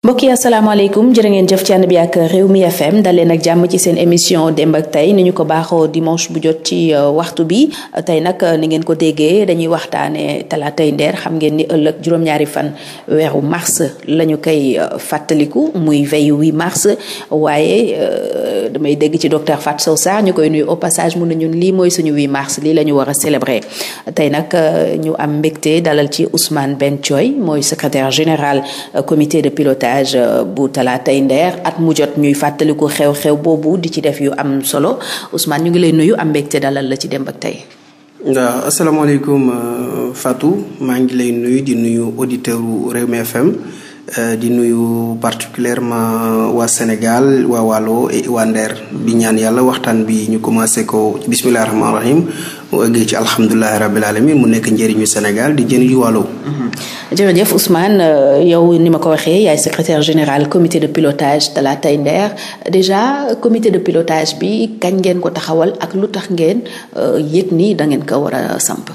mbokk yi asalaamaaleykum jërë ngeen jëf ci ànd bi ak réew mi fm dal leen ak jàmm ci seen émission démb ak tey ni ñu ko baaxoo dimanche bu jot ci euh, waxtu bi tey nag euh, ni ngeen ko déggee dañuy waxtaane talaatay ndeer xam ngeen ni ëllëg juróom-ñaari fan weeru mars lañu ñu koy euh, fàttaliku muy veille 8 mars waaye damay dégg ci docteur Fatou Sow ñu koy nuyu au passage mun ne ñun lii mooy suñu 8 mars lii la ñu war a célébrer tey nag ñu am mbégte dalal ci Ousmane Ben Thioy mooy secrétaire général village euh, bu Talaatay Ndeer at mu jot ñuy fàttaliku xew-xew boobu di ci def yu am solo Ousmane ñu ngi lay nuyu am mbégte dalal la ci dem ak Tay. waaw asalaamaaleykum euh, Fatou maa ngi lay nuyu di nuyu auditeurs u Rewmi FM. Euh, di nuyu particulièrement waa Sénégal waa Waalo et waa Ndeer bi ñaan yàlla waxtaan bi ñu commencé ko bisimilah rahmaani rahim mu ci alhamdulilah rabil alamin mu nekk njëriñu Sénégal di jëriñu Waalo. Mm-hmm. jërëjëf Ousmane euh, yow ni ma ko waxee yaay secrétaire général commité de pilotage Talatay Nder déjà commité de pilotage bi kañ ngeen ko taxawal ak lu tax ngeen euh, yëg ni da ngeen ko war a samp.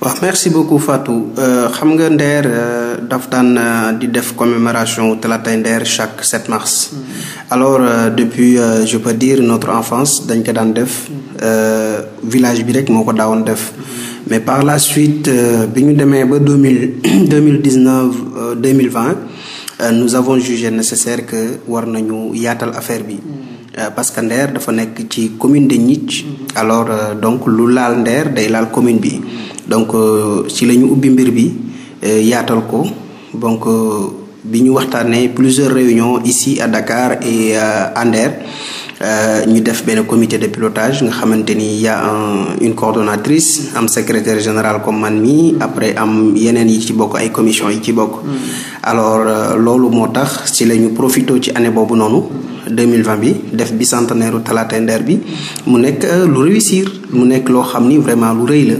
waaw merci beaucoup Fatou euh, xam nga Nder euh, daf daan euh, di def commémoration Talatay Nder chaque 7 mars. Mm. alors depuis je peux dire notre enfance dañ ko daan def mm. village bi rek moo ko daawoon def. Mm. mais par la suite bi ñu demee ba deux mille deux mille dix neuf deux mille vingt nous avons jugé nécessaire que war nañu yaatal affaire bi. parce que Nder dafa nekk ci commune de Gnitch. alors donc lu laal Nder day laal commune bi. donc euh, ci la ñu ubbi mbir bi euh, yaatal ko donc euh, bi ñu waxtaanee plusieurs réunions ici à Dakar e à Ander ñu def benn comité de pilotage nga xamante ni un une coordonnatrice am secrétaire général comme man mii après am yeneen yi ci bokk ay commission yi ci bokk mm. alors loolu moo tax si la ñu profité ci année boobu noonu 2020 bi def bicentenaire u Talatay bi mu nekk euh, lu réussir mu nekk loo xam ni vraiment lu rëy la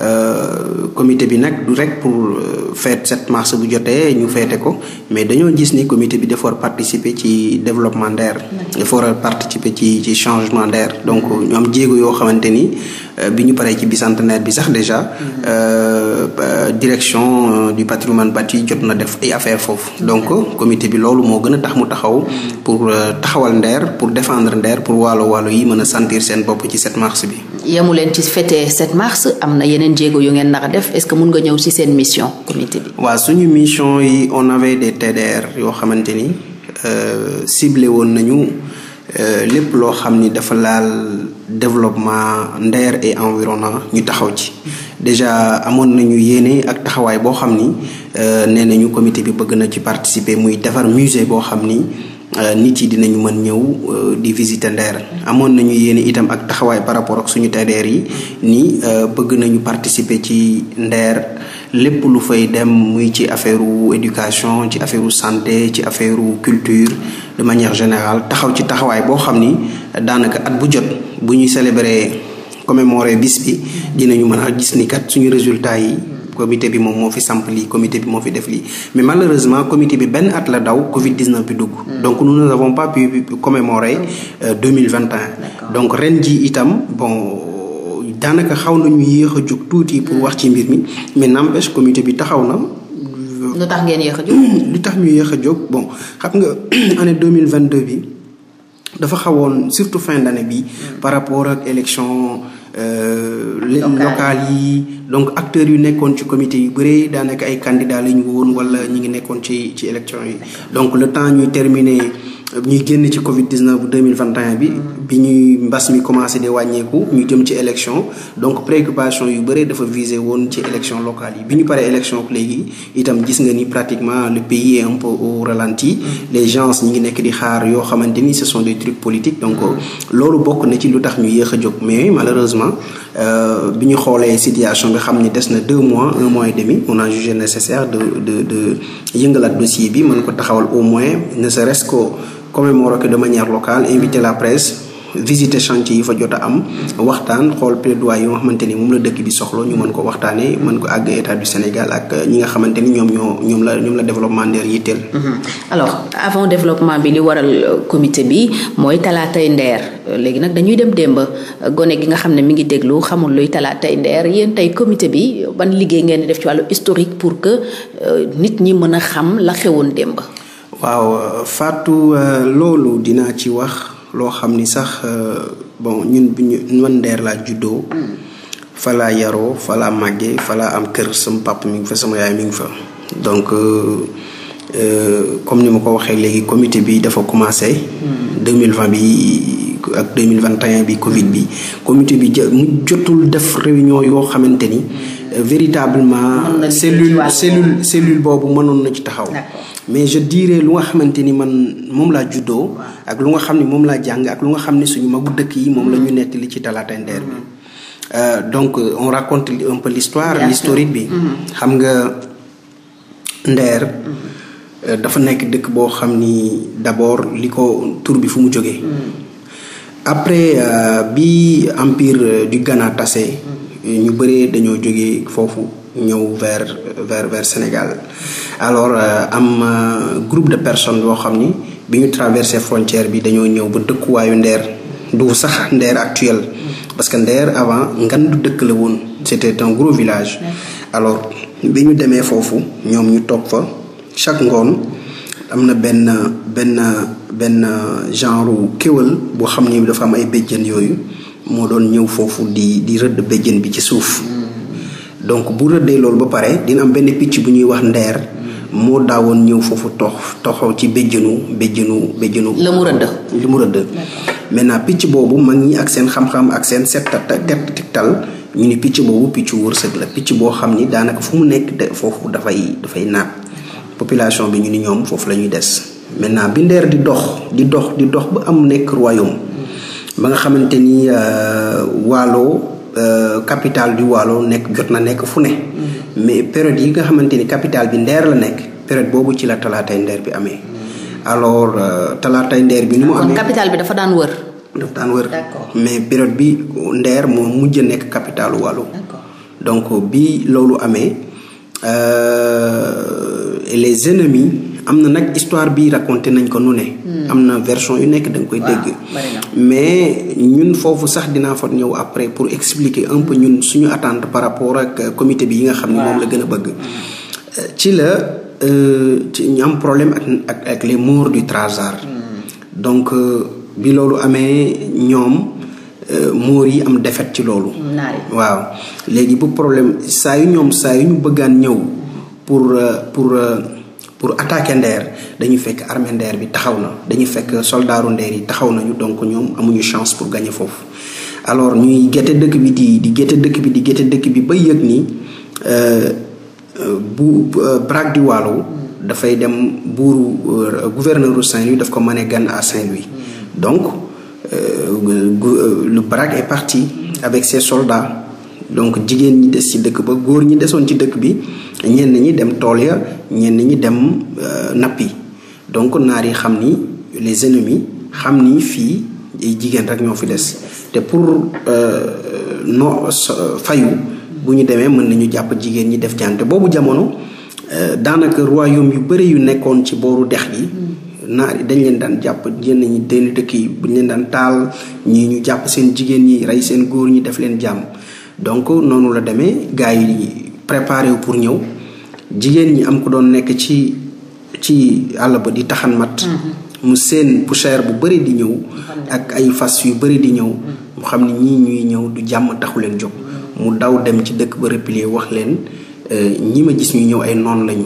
euh, comité bi nag du rek pour euh, fête set mars bu jotee ñu feete ko mais dañoo gis ni comité bi defor war participer ci développement Nder dafa war a participer ci ci changement Nder donc ñoom am jéego yoo xamante ni bi ñu paree ci bicentenaire bi sax déjà direction du patrimoine bâti jot na def ay affaire foofu donc comité bi loolu moo gën a tax mu taxaw pour taxawal Nder pour défendre Nder pour waalo waalo yi mën a sentir seen bopp ci 7 mars bi. yemu leen ci fête 7 mars am na yeneen jéego yu ngeen nar a def est-ce que mun nga ñëw ci seen mission comité bi. waaw suñu mission yi on avait des TDR yoo xamante ni euh, ciblé woon nañu euh, lépp loo xam ni dafa laal développement Nder et environnant ñu taxaw ci. déjà amoon nañu yéene ak taxawaay boo xam ni euh, nee nañu comité bi bëgg na ci participer muy defar musée Euh, nit yi dinañu mën ñëw euh, di visiter Ndeer amoon nañu yéene itam ak taxawaay par rapport ak suñu TDR yi ni euh, bëgg nañu participer ci Ndeer lépp lu fay dem muy ci affaire éducation ci affaire santé ci affaire culture de manière générale taxaw ci taxawaay boo xam ni daanaka at bu jot bu ñuy célébrer commémorer bis bi dinañu mën a gis ni kat suñu résultat yi comité bi moom moo fi samp lii comité bi moo fi def lii mais malheureusement comité bi benn at la daw Covid 19 bi dugg. Hmm. donc nous n' avons pas pu commémorer hmm. euh, deux mille vingt et donc ren ji itam bon. daanaka xaw nañu yéex a jóg tuuti pour hmm. wax ci mbir mi mais n'empêche comité bi taxaw na. lu tax ngeen yéex jóg. lu tax ñu yéex a jóg bon xam nga année deux mille vingt deux bi dafa xawoon surtout fin d'année bi par rapport ak élection. les euh, locales yi donc acteurs yu nekkoon ci comité yu bëre daanaka ay candidats la ñu woon wala ñu ngi nekkoon ci ci élection yi donc le temps ñuy terminer ñuy génn ci Covid 19 bu 2021 bi. Mm-hmm. bi ñuy mbas mi commencé de wàññeeku ñu jëm ci élection donc préoccupation yu bëre dafa visé woon ci élection locale yi bi ñu paree élection léegi itam gis nga ni pratiquement le pays est un peu au ralenti. Mm-hmm. les gens ñi ngi nekk di xaar yoo xamante ni ce sont des donc mm-hmm. loolu bokk na ci lu tax ñu yéex a jóg mais malheureusement euh, bi ñu xoolee situation nga xam ni des na deux mois un mois et demi on a jugé nécessaire de de de yëngalaat dossier bi mën ko taxawal au moins ne serait-ce que commémorer ko de manière locale inviter la presse visiter chantier yi fa jot a am waxtaan xool plaidoyer yoo nga xamante ni moom la dëkk bi soxla ñu mën ko waxtaanee mën ko àgg état du Sénégal ak euh, ñi nga xamante ni ñoom ñoo ñoom la ñoom la développement ndeer yitteel mhm. alors avant développement bi li waral euh, comité bi mooy talaatay ndeer euh, léegi nag dañuy dem démb gone gi nga xam ne mi ngi déglu xamul luy talaatay ndeer yéen tey comité bi ban liggéey ngeen di def ci wàllu historique pour que nit ñi mën a xam la xewoon démb waaw Fatou euh, loolu dinaa ci wax loo xam ni sax euh, bon ñun bu ñu man ndeer laa juddoo. Hmm. falaa yaroo falaa màggee falaa am kër sama papa mi ngi fa sama yaay mi ngi fa. donc euh, comme ni ma ko waxee léegi comité bi dafa commencé. 2020 hmm. bi ak 2021 bi Covid bi hmm. comité bi mu jotul def réunion yoo xamante ni. véritablement cellule cellule cellule boobu mënoon na ci taxaw. mais je dirais lu nga xamante ni man moom laa juddoo ak lu nga xam ni moom laa jàng ak lu nga xam ne suñu magu dëkk yi moom la ñu nekk li ci Talatandeer bi euh, donc on raconte un peu l'histoire bi mm-hmm. xam nga Nder euh, dafa nekk dëkk boo xam ni d'abord li ko tur bi fu mu jógee mm-hmm. après euh, bi empire du Ghana tase mm-hmm. ñu bëree dañoo jógee foofu ñëw vers ver vers Sénégal alors euh, am euh, groupe de personnes loo xam ni bi ñu traversé frontière bi dañoo ñëw ba dëkkuwaayu Nder du sax Nder actuel parce que Nder avant ngandu dëkk la woon c'était un gros village alors bi ñu demee foofu ñoom ñu toog fa chaque ngoon am na benn benn benn genre kéwal boo xam ni dafa am ay béjjën yooyu moo doon ñëw foofu di di rëdd béjjën bi ci suuf donc bu rëddee loolu ba pare dina am benn picc bu ñuy wax ndeer moo daawoon ñëw foofu tox toxoo ci béjjënu béjjënu béjjënu la mu rëdd li mu rëdd maintenant picc boobu mag ñi ak seen xam-xam ak seen setta tet tiktal ñu ni picc boobu picc wërsëg la picc boo xam ni daanaka fu mu nekk foofu dafay dafay naat population bi ñu ni ñoom foofu la ñuy des maintenant bi ndeer di dox di dox di dox ba am nekk royaume ba nga xamante ni euh, waaloo Euh, capitale du Waalo nekk jot na nekk fu ne. Mm-hmm. mais période yi nga xamante ni capital bi ndeer la nekk période boobu ci la talaatay ndeer bi amee. Mm-hmm. alors euh, talaatay ndeer bi. ni mu amee capital bi dafa daan wër. dafa daan wër mais période bi ndeer moo mujj nekk capitalu Waalo. donc bi loolu amee euh, les ennemis am na nag histoire bi raconté nañ ko nu ne. Hmm. am na version yu nekk da nga koy dégg mais ñun foofu sax dinaa fa ñëw après pour expliquer un peu ñun suñu attente par rapport ak comité bi yi nga xam ne moom la gën a bëgg hmm. euh, ci la euh, ci ñu am problème ak ak ak les morts du trasar hmm. donc euh, bi loolu amee ñoom moor yi am defet ci loolu waaw léegi bu problème saa yu ñoom saa yu ñu bëggaan ñëw pour pour pour attaquer Nder dañuy fekk armée Nder bi taxaw na dañuy fekk soldaaru Nder yi taxaw nañu donc ñoom amuñu chance pour gagner foofu alors ñuy gétte dëkk bi di di gétte dëkk bi di gétte dëkk bi ba yëg ni euh, bu euh, Braque du Waalo dafay dem buuru euh, gouverneur Saint-Louis daf ko mën a gan à Saint-Louis donc le Braque est parti avec ses soldats donc jigéen ñi des ci dëkk ba góor ñi desoon ci dëkk bi ñenn ñi dem tool ya ñeen ñi dem euh, nappi donc naar yi xam ni les ennemis xam ni fii jigéen rek ñoo fi des te pour euh, no fayu bu ñu demee mën nañu jàpp jigéen ñi def jante boobu jamono euh, daanaka royaume yu bëri yu nekkoon ci booru dex gi naar yi dañ leen daan jàpp yenn ñi dënn dëkk yi bu buñ leen daan taal ñii ñu jàpp seen jigéen ñi rey seen góor ñi def leen jàmm donc noonu la demee gars yi préparé wu pour ñëw jigéen ñi am ku doon nekk ci ci àll ba di taxan mat mm-hmm. mu seen poussière bu bëri di ñëw mm-hmm. ak ay fas yu bëri di ñëw mm-hmm. mu xam ne ñii ñuy ñëw du jàmm taxu leen jóg mu daw dem ci dëkk ba replier wax leen euh, ñi ma gis ñu ñëw ay noon lañu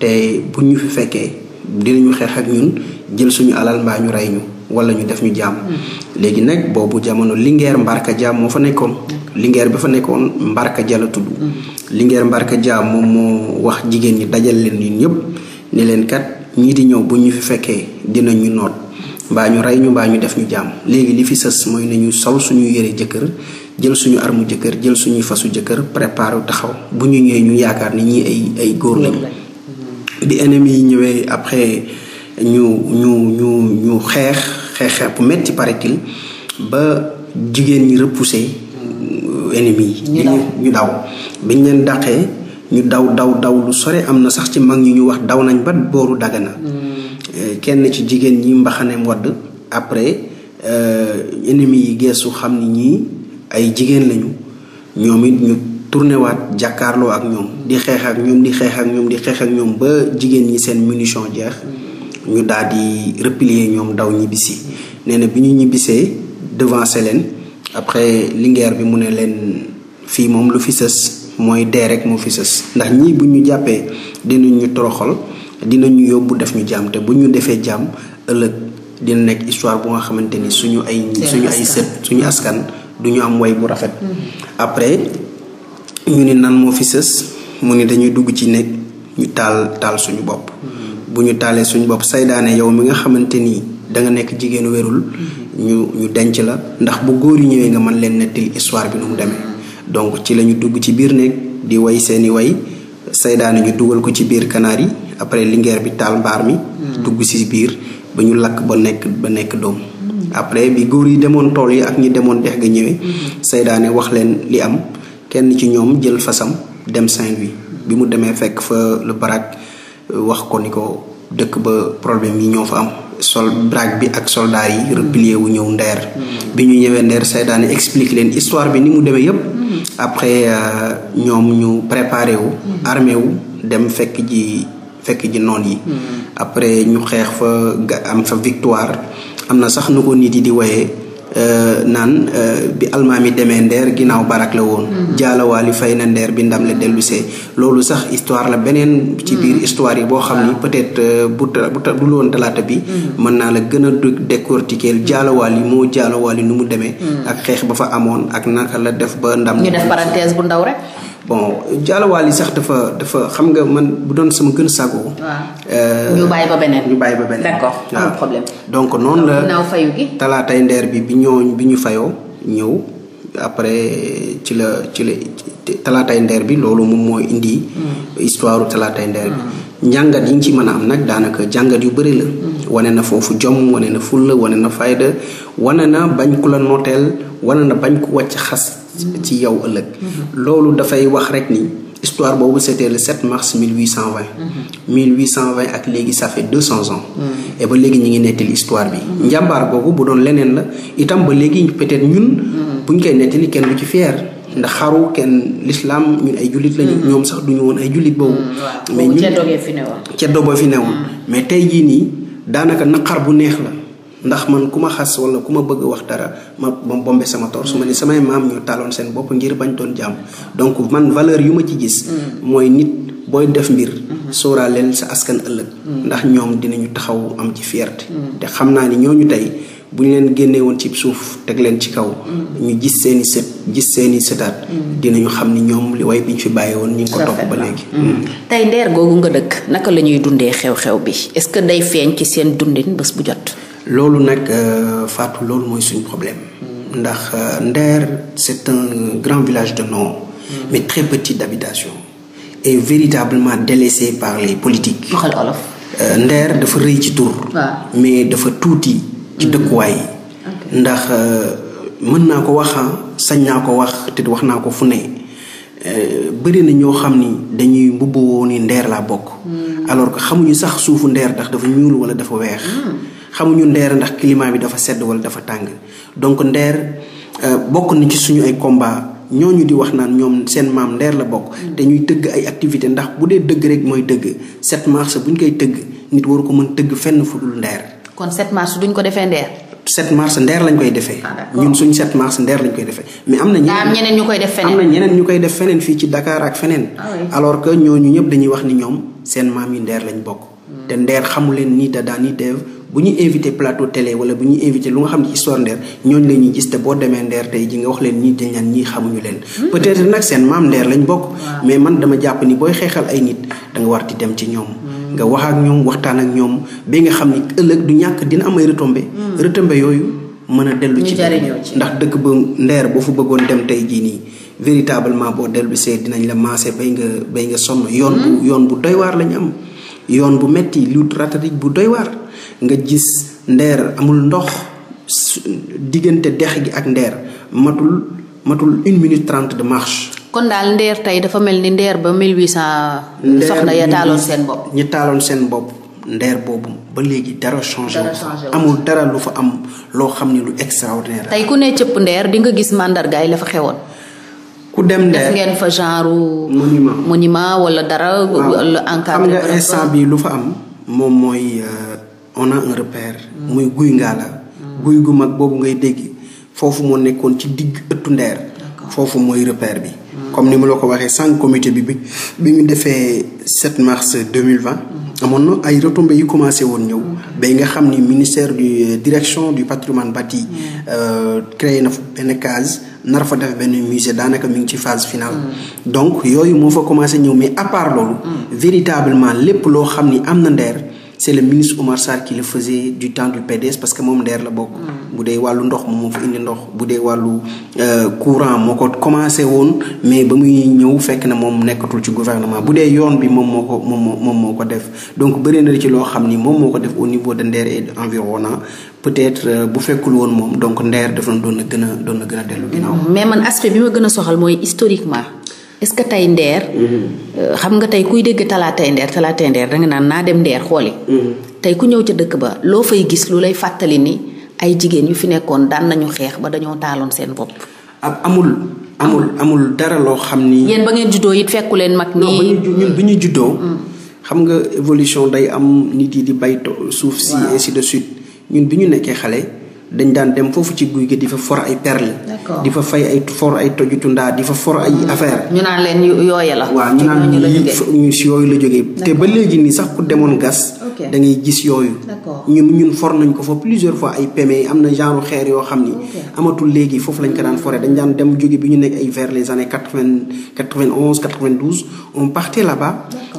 te bu ñu fi fekkee dinañu xeex ak ñun jël suñu alal mbaa ñu rey ñu wala ñu def ñu jàmm léegi nag boobu jamono Linguère Mbarka Dia moo fa nekkoon Linguère ba fa nekkoon Mbarka Dia la tudd. Mm-hmm. Linguère Mbarka Dia moom moo wax jigéen ñi dajale leen ñun ñëpp ne leen kat ñii di ñëw bu ñu fi fekkee dina ñu noot mbaa ñu rey ñu mbaa ñu def ñu jàmm léegi li fi sës mooy ne ñu sol suñu yëre jëkkër jël suñu armu jëkkër jël suñuy fasu jëkkër préparé taxaw bu ñu ñëwee ñu yaakaar ni ñii ay ay góor lañu. bi ennemis yi ñëwee après ñu ñu ñu ñu xeex xeex xeex metti paraît ba jigéen ñi repoussé. ennemis yi. ñu daw biñ leen dàqee ñu daw daw daw lu sore am na sax ci mag ñi ñu wax daw nañ ba booru Dagana. Hmm. Eh, kenn ci jigéen ñi mbaxaneem wadd après eh, ennemis yi geesu xam ni ñii ay jigéen lañu ñoom it ñu tourné waat jàkkaarloo ak ñoom di xeex ak ñoom di xeex ak ñoom di xeex ak ñoom ba jigéen ñi seen munition jeex. Hmm. ñu daal di replier ñoom daw ñibbisi nee na bi ñu ñibbisee devancé leen. après Linguère bi mu ne leen fii moom lu fi sës mooy dee rek moo fi sës ndax ñii bu ñu jàppee dinañ ñu toroxal dinañ ñu yóbbu def ñu jaam te bu ñu defee jàmm ëllëg dina nekk histoire bu nga xamante ni suñu ay. suñu ay sët suñu askan du ñu am way bu rafet. Mm-hmm. après ñu ni nan moo fi sës mu ni dañuy dugg ci nekk ñu taal taal suñu bopp. Mm-hmm. bu ñu taalee suñu bopp saydaane yow mi nga xamante ni danga nekk jigéen wérul mm-hmm. ñu ñu denc la ndax bu góor yi ñëwee nga man leen nettali histoire bi nu mu demee donc ci la ñu dugg ci biir néeg di way seeni way saydaane ñu dugal ko ci biir kanaar yi après lingeer bi taal mbaar mi hmm. dugg ci biir ba ñu lakk ba nekk ba nekk doom après bi góor yi demoon tool yi ak ñi demoon dex ga ñëwee hmm. saydaane wax leen li am kenn ci ñoom jël fasam dem Saint-Louis bi mu demee fekk fa lu barak wax ko ni ko dëkk ba problème yi ñoo fa am sol braque bi ak soldat yi replier wu ñëw ndeer mm-hmm. bi ñu ñëwee ndeer Seydaan explique leen histoire bi ni mu demee yëpp mm-hmm. après euh, ñoom ñu préparé wu mm-hmm. armé wu dem fekk ji fekk ji noon yi après ñu xeex fa am fa victoire am na sax nu ko nit yi di woye Euh, naan euh, bi almaami demee ndeer ginnaaw barak la woon mm. jaalawaali fay na ndeer bi ndam la dellusee loolu sax histoire la beneen ci biir mm. histoire yi boo xam ni ah. peut-être euh, bu bu dul woon talaata bi mm. mën naa la gën a décortiquer jaalawaali moo jaalawaali nu mu demee ak xeex ba fa amoon ak naka la def ba ndam bu ndaw rek bon jaalawaal yi dafa dafa xam nga man bu doon sama gën sago waaw euh, ba beneen ba beneen. d'accord amul problème donc noonu la talaatay ndeer bi bi ñooñ bi ñu fayoo ñëw après ci la ci la talaatay ndeer bi loolu moom mooy indi. Mm. histoire talaatay ndeer bi. Mm. njàngat yi ñu ci mën a am nag daanaka jàngat yu bari la. Mm. wane na foofu jom wane na fulla wane na fayda wane na bañ ku la nooteel wane na bañ ku wàcc xas. ci yow ëllëg loolu dafay wax rek ni histoire boobu c'était le 7 mars 1820 1820 ak léegi ça fait 200 ans et ba léegi ñu ngi nettali histoire bi njàmbaar boobu bu doon leneen la itam ba léegi peut-être ñun bu ñu koy nettali kenn du ci fier ndax xaru kenn l'islam ñu ay jullit lañu mm-hmm. ñoom sax duñu woon ay jullit boobu mm-hmm. mais ñun ceddo ba fi newoon mm-hmm. mais tey jii nii daanaka naqar bu neex la ndax man ku ma xas wala ku ma bëgg wax dara ma ma bombe sama toor su ma ne samay maam ñoo taaloon seen bopp ngir bañ doon jàmm donc man valeur yu ma ci gis mm. mooy nit booy def mbir mm-hmm. sóoraaleel sa askan ëllëg mm. ndax ñoom dinañu taxaw am ci fierté mm. te xam naa ni ñooñu tey bu ñu leen génnee woon ci suuf teg leen ci kaw ñu gis seeni set gis seeni sëtaat dinañu xam ni ñoom li way bi ñu fi bàyyi woon ñu ngi ko topp ba léegi tey ndeer googu nga dëkk naka la ñuy dundee xew-xew bi est-ce que day feeñ ci seen dundin bés bu jot loolu nag euh, Fatou loolu mooy suñu problème ndax euh, Nder c'est un grand village de nom mm. mais très petit d'habitation et véritablement délaissé par les politiques waxal euh, Nder dafa rëy ci tur mais dafa tuuti ci mm. dëkkuwaay yi ndax mën naa ko wax ah, sañ naa ko wax te du wax naa ko fu ne bëri na ñoo xam ni dañuy mbubboo ni Nder laa bokk mm. alors que xamuñu sax suufu Nder ndax dafa ñuul wala dafa weex xamuñu ndeer ndax climat bi dafa sedd wala dafa tàng donc ndeer euh, bokk na ci suñu ay combat ñooñu di wax naan ñoom seen maam ndeer la bokk te mm. tëgg ay activité ndax bu dee dëgg rek mooy dëgg 7 mars bu ñu koy tëgg nit waru ko mën tëgg fenn fu dul ndeer kon 7 mars duñ ko defee ndeer 7 mars lañ koy defee ah, ñun suñ 7 ndeer lañ koy defee mais am na ñeneen ñu koy def am na ñeneen ñu koy def feneen fii ci Dakar ak ah alors que ñooñu ñëpp dañuy wax ni ñoom seen maam yi ndeer lañ bokk mm. te ndeer xamu leen ni dada ni deev bu ñu invité plateau télé wala bu ñu invité lu nga xam ne histoire Nder ñooñu la ñuy gis te boo demee Nder tey ji nga wax leen ñii dañ naan ñii xamuñu leen. Hmm. peut être nag seen maam Nder lañ bokk. mais man dama jàpp ni booy xeexal ay nit da nga war di dem ci ñoom. Hmm. nga wax ak ñoom waxtaan ak ñoom ba nga xam ni ëllëg du ñàkk dina am ay retombé. Hmm. retombé yooyu mën a dellu ci. ndax dëkk ba ndeer boo fu bëggoon dem tey jii nii. véritablement boo dellu see dinañ la maase bay nga bay nga sonn yoon yoon bu doy waar lañ am yoon bu metti lu stratégique bu doy waar nga gis ndeer amul ndox diggante dex gi ak ndeer matul matul une minute trente de marche. kon daal ndeer tey dafa mel ni ndeer ba 1800. soxna ya taaloon seen bopp ñi taaloon seen bopp. ndeer boobu ba léegi dara changé amul dara lu fa am loo xam ne lu extraordinaire. tey ku ne cëpp ndeer di nga gis mandargaay la fa xewoon. ku dem ndeer ngeen fa genre. monument monument dara. lu bi lu fa am moom mooy euh, on a un muy guy ngaala. guy gu mag boobu ngay dégg foofu moo nekkoon ci digg ëttu ndeer. foofu mooy repère bi. Mm. comme ni ma la ko waxee sànq comité bi bi bi ñu defee 7 mars 2020. amoon na ay retombées yu commencé woon ñëw. Mm. ba nga xam ni ministère du euh, direction du patrimoine bâti mm. euh, créé na benn case nar fa def benn musée daanaka mi ngi ci phase finale. donc yooyu moo fa commencé ñëw mais à part loolu. véritablement lépp loo xam ni am na ndeer. c'est le ministre Oumar Sarr qui le faisait du temps du PDS parce que moom ndeer la bokk. Mm. bu dee wàllu ndox moom moo fi indi ndox bu dee wàllu euh, courant moo ko commencé woon mais ba muy ñëw fekk na moom nekkatul ci gouvernement bu dee yoon bi moom moo ko moom moom moo ko def donc bëri na ci loo xam ni moom moo ko def au niveau de Nder et environnant peut-être euh, bu fekkul woon moom donc ndeer dafa doon na gën a doon na gën a dellu ginnaaw. mais man aspect bi ma gën a soxal est-ce que tey ndeer mm-hmm. xam nga tey kuy dégg talaatay ndeer talaatay ndeer danga naan naa dem ndeer xooli mm-hmm. tey ku ñëw ca dëkk ba loo fay gis lu lay fàttali ni ay jigéen yu fi nekkoon daan nañu xeex ba dañoo taaloon seen bopp ab amul amul amul dara loo xam ni yéen ba ngeen juddoo it fekku leen mag nii ñun bi ñu juddoo mm. xam nga évolution day am nit yi di bay suuf si ainsi de suite ñun bi ñu nekkee xale dañ daan dem foofu ci guy gi di fa for ay perle di fa fay ay for ay tojutu ndaa di fa for ay hmm. affaire ñu naan leen yooya la waaw ñu naan ñu si yooyu la jógee te ba léegi nii sax ku demoon gas da ngay gis yooyu ñun ñun for nañ ko fa plusieurs fois ay peme am na genre xeer yoo xam ni amatul léegi foofu lañ ko daan foree dañ daan dem jóge bi ñu nekk ay vers les années quatre-vingt quatre-vingt-onze quatre-vingt-douze on partait là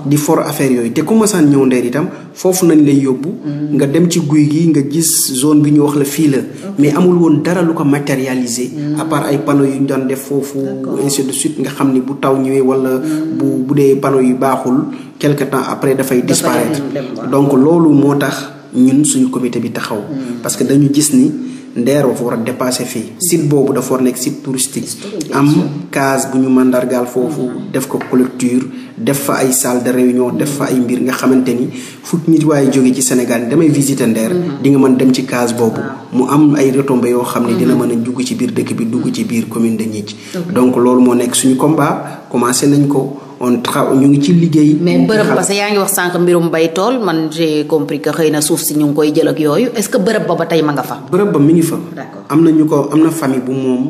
di for affaire yooyu te ku masaan ñëw ndeer itam foofu nañ lay yóbbu mm. nga dem ci guy gi nga gis zone bi ñu wax la fii la mais amul woon dara lu ko matérialiser mm. à ay panneaux yu ñu doon def foofu ainsi de suite nga xam ni bu taw ñëwee wala mm. bu bu dee panneaux yu baaxul quelque temps après dafay disparaître donc loolu moo tax ñun suñu comité bi taxaw parce que dañu gis ni ndeer dafa war a dépasser fii mm-hmm. site boobu dafa war a nekk site touristique am case bu ñu mandargaal foofu mm-hmm. def ko clôture def fa ay salle de réunion def fa ay mbir nga xamante ni fukk nit waaye jóge ci Sénégal damay visiter ndeer mm-hmm. di nga mën dem ci case boobu mu am ay retombées yoo xam ne dina mën a dugg ci biir dëkk bi dugg ci biir commune de Gnitch donc loolu moo nekk suñu combat commencé nañ ko on travaille ñu ngi ci liggéey. mais bërëb parce que yaa ngi wax sànq mbirum bay tool man j'ai compris que xëy na suuf si ñu ngi koy jël yooyu est que bërëb ba ba tey ma nga fa. bërëb ba mi ngi fa. am na ñu ko am na famille bu moom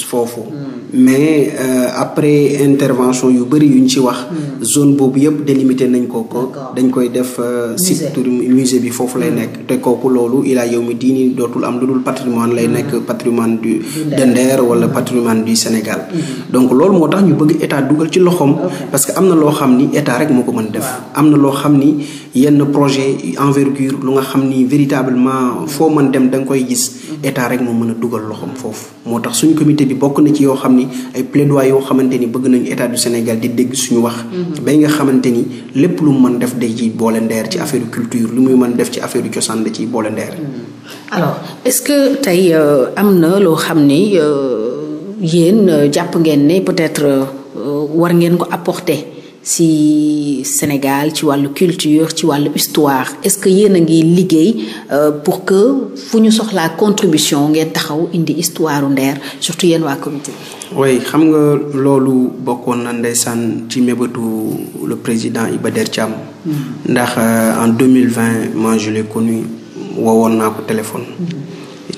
foofu hmm. mais euh, après intervention yu bëri ñu ci wax hmm. zone boobu yëpp délimité nañ ko ko dañ koy def euh, site musée bi foofu lay hmm. nekk te kooku loolu ilaa yow mi diini dootul am lu dul patrimoine lay nekk patrimoine du de Nder wala patrimoine du Sénégal donc loolu moo tax ñu bëgg état dugal ci loxoom parce que am na loo xam ni état rek moo ko mën def am na loo xam ni yenn projet envergure lu nga xam ni véritablement foo mën dem danga koy gis état rek moo mën a dugal loxoom foofu te di bokk na ci yoo xam ni ay plaidoyer yoo xamante ni bëgg nañu état du Sénégal di dégg suñu wax. Mm-hmm. bay nga xamante ni lépp lu mu mën def day ci boole ndeer ci affaire culture lu muy man def ci affaire cosaan da ciy boole ndeer. Mm-hmm. alors est-ce que tey euh, am na loo xam ni euh, yéen euh, jàpp ngeen ne peut-être war ngeen ko apporter. si Sénégal ci wàllu culture ci wàllu histoire est-ce que yéen a ngi liggéey euh, pour que fu ñu soxla contribution ngeen taxaw indi histoire Nder surtout yéen waa comité bi. xam nga loolu bokkoon na ndeysaan ci mébétu le président Iba Der Thiam. Mm. ndax euh, en 2020 moi je l'ai connu wowoon naa ko téléphone. Mm.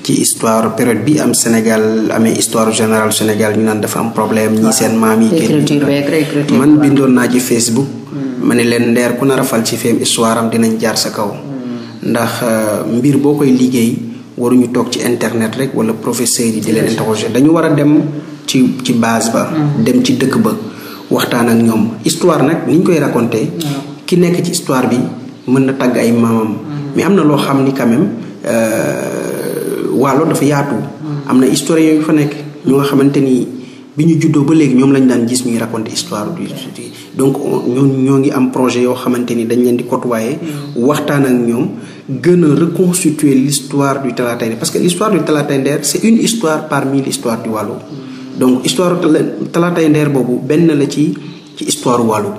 ci histoire période bi am Sénégal amee histoire général Sénégal ñu naan dafa am problème ñii seen maam yi kenn man bindoon naa ci Facebook hmm. ma ne leen ndeer ku na a ci feem histoire am dinañ jaar sa kaw hmm. ndax euh, mbir boo koy liggéey waruñu toog ci internet rek wala professeurs yi di leen interroger dañu war a dem ci ci base ba hmm. dem ci dëkk ba waxtaan ak ñoom histoire nag ni koy raconté ki nekk ci histoire bi mën na tagg ay maamam mais am na loo xam ni quand euh, waa dafa yaatu. am na historien yu fa nekk ñoo xamante ni bi ñu juddoo ba léegi ñoom lañ daan gis ñuy raconter histoire du donc ñoo ñoo ngi am projet yoo xamante ni dañ leen di waaye waxtaan ak ñoom gën a reconstituer l'histoire du Talataynder parce que l'histoire du Talataynder c'est une histoire parmi l'histoire du Waalo. donc histoire Talataynder boobu benn la ci ci histoire Waalo.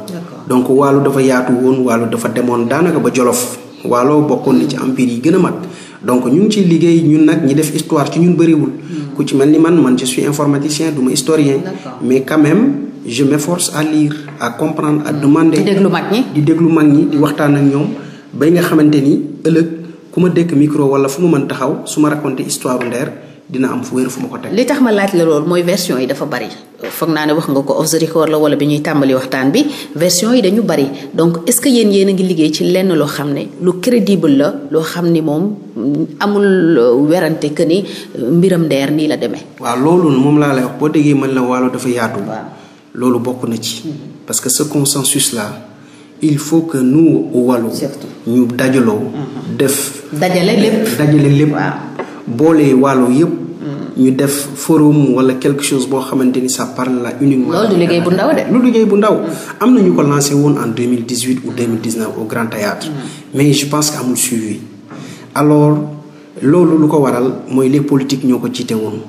donc Waalo dafa yaatu woon Waalo dafa demoon daanaka ba Jolof. waalo bokkoon na ci empire yi gën a mag donc ñu ngi liggéey ñun nag ñi def histoire ci ñun bëriwul. Hmm. ku ci mel ni man man je suis informaticien du ma historien. mais quand même je m'efforce à lire à comprendre à hmm. demander. di déglu mag ñi di déglu mag ñi di waxtaan ak ñoom bay nga xamante ni ëllëg ku ma dëkk micro wala fu ma mën taxaw su ma raconté histoire Nder. dina am fu wér fu ma ko teg. li tax ma laaj la loolu mooy version yi dafa bari foog naa ne wax nga ko off la wala bi ñuy tàmbali waxtaan bi version yi dañu bari donc est-ce que yéen yéen a ngi liggéey ci lenn loo xam ne lu crédible la loo xam ni moom amul werante que ni mbiram ndeer nii la demee. waaw loolu moom laa lay wax boo déggee man la waalo dafa yaatu. loolu bokk na ci. Mm-hmm. parce que ce consensus là il faut que nous wàllu. ñu dajaloo. Mm-hmm. def dajale boolee waalo yëpp. ñu def forum wala quelque chose boo xamante ni ça par là uniquement. loolu du liggéey bu ndaw de. lu liggéey bu ndaw am na ñu ko lancé woon en mille dix huit ou deux mille dix neuf au Grand Théâtre mm. mais je pense que amul suivi alors loolu lu ko waral mooy les politiques ñoo ko jiite woon.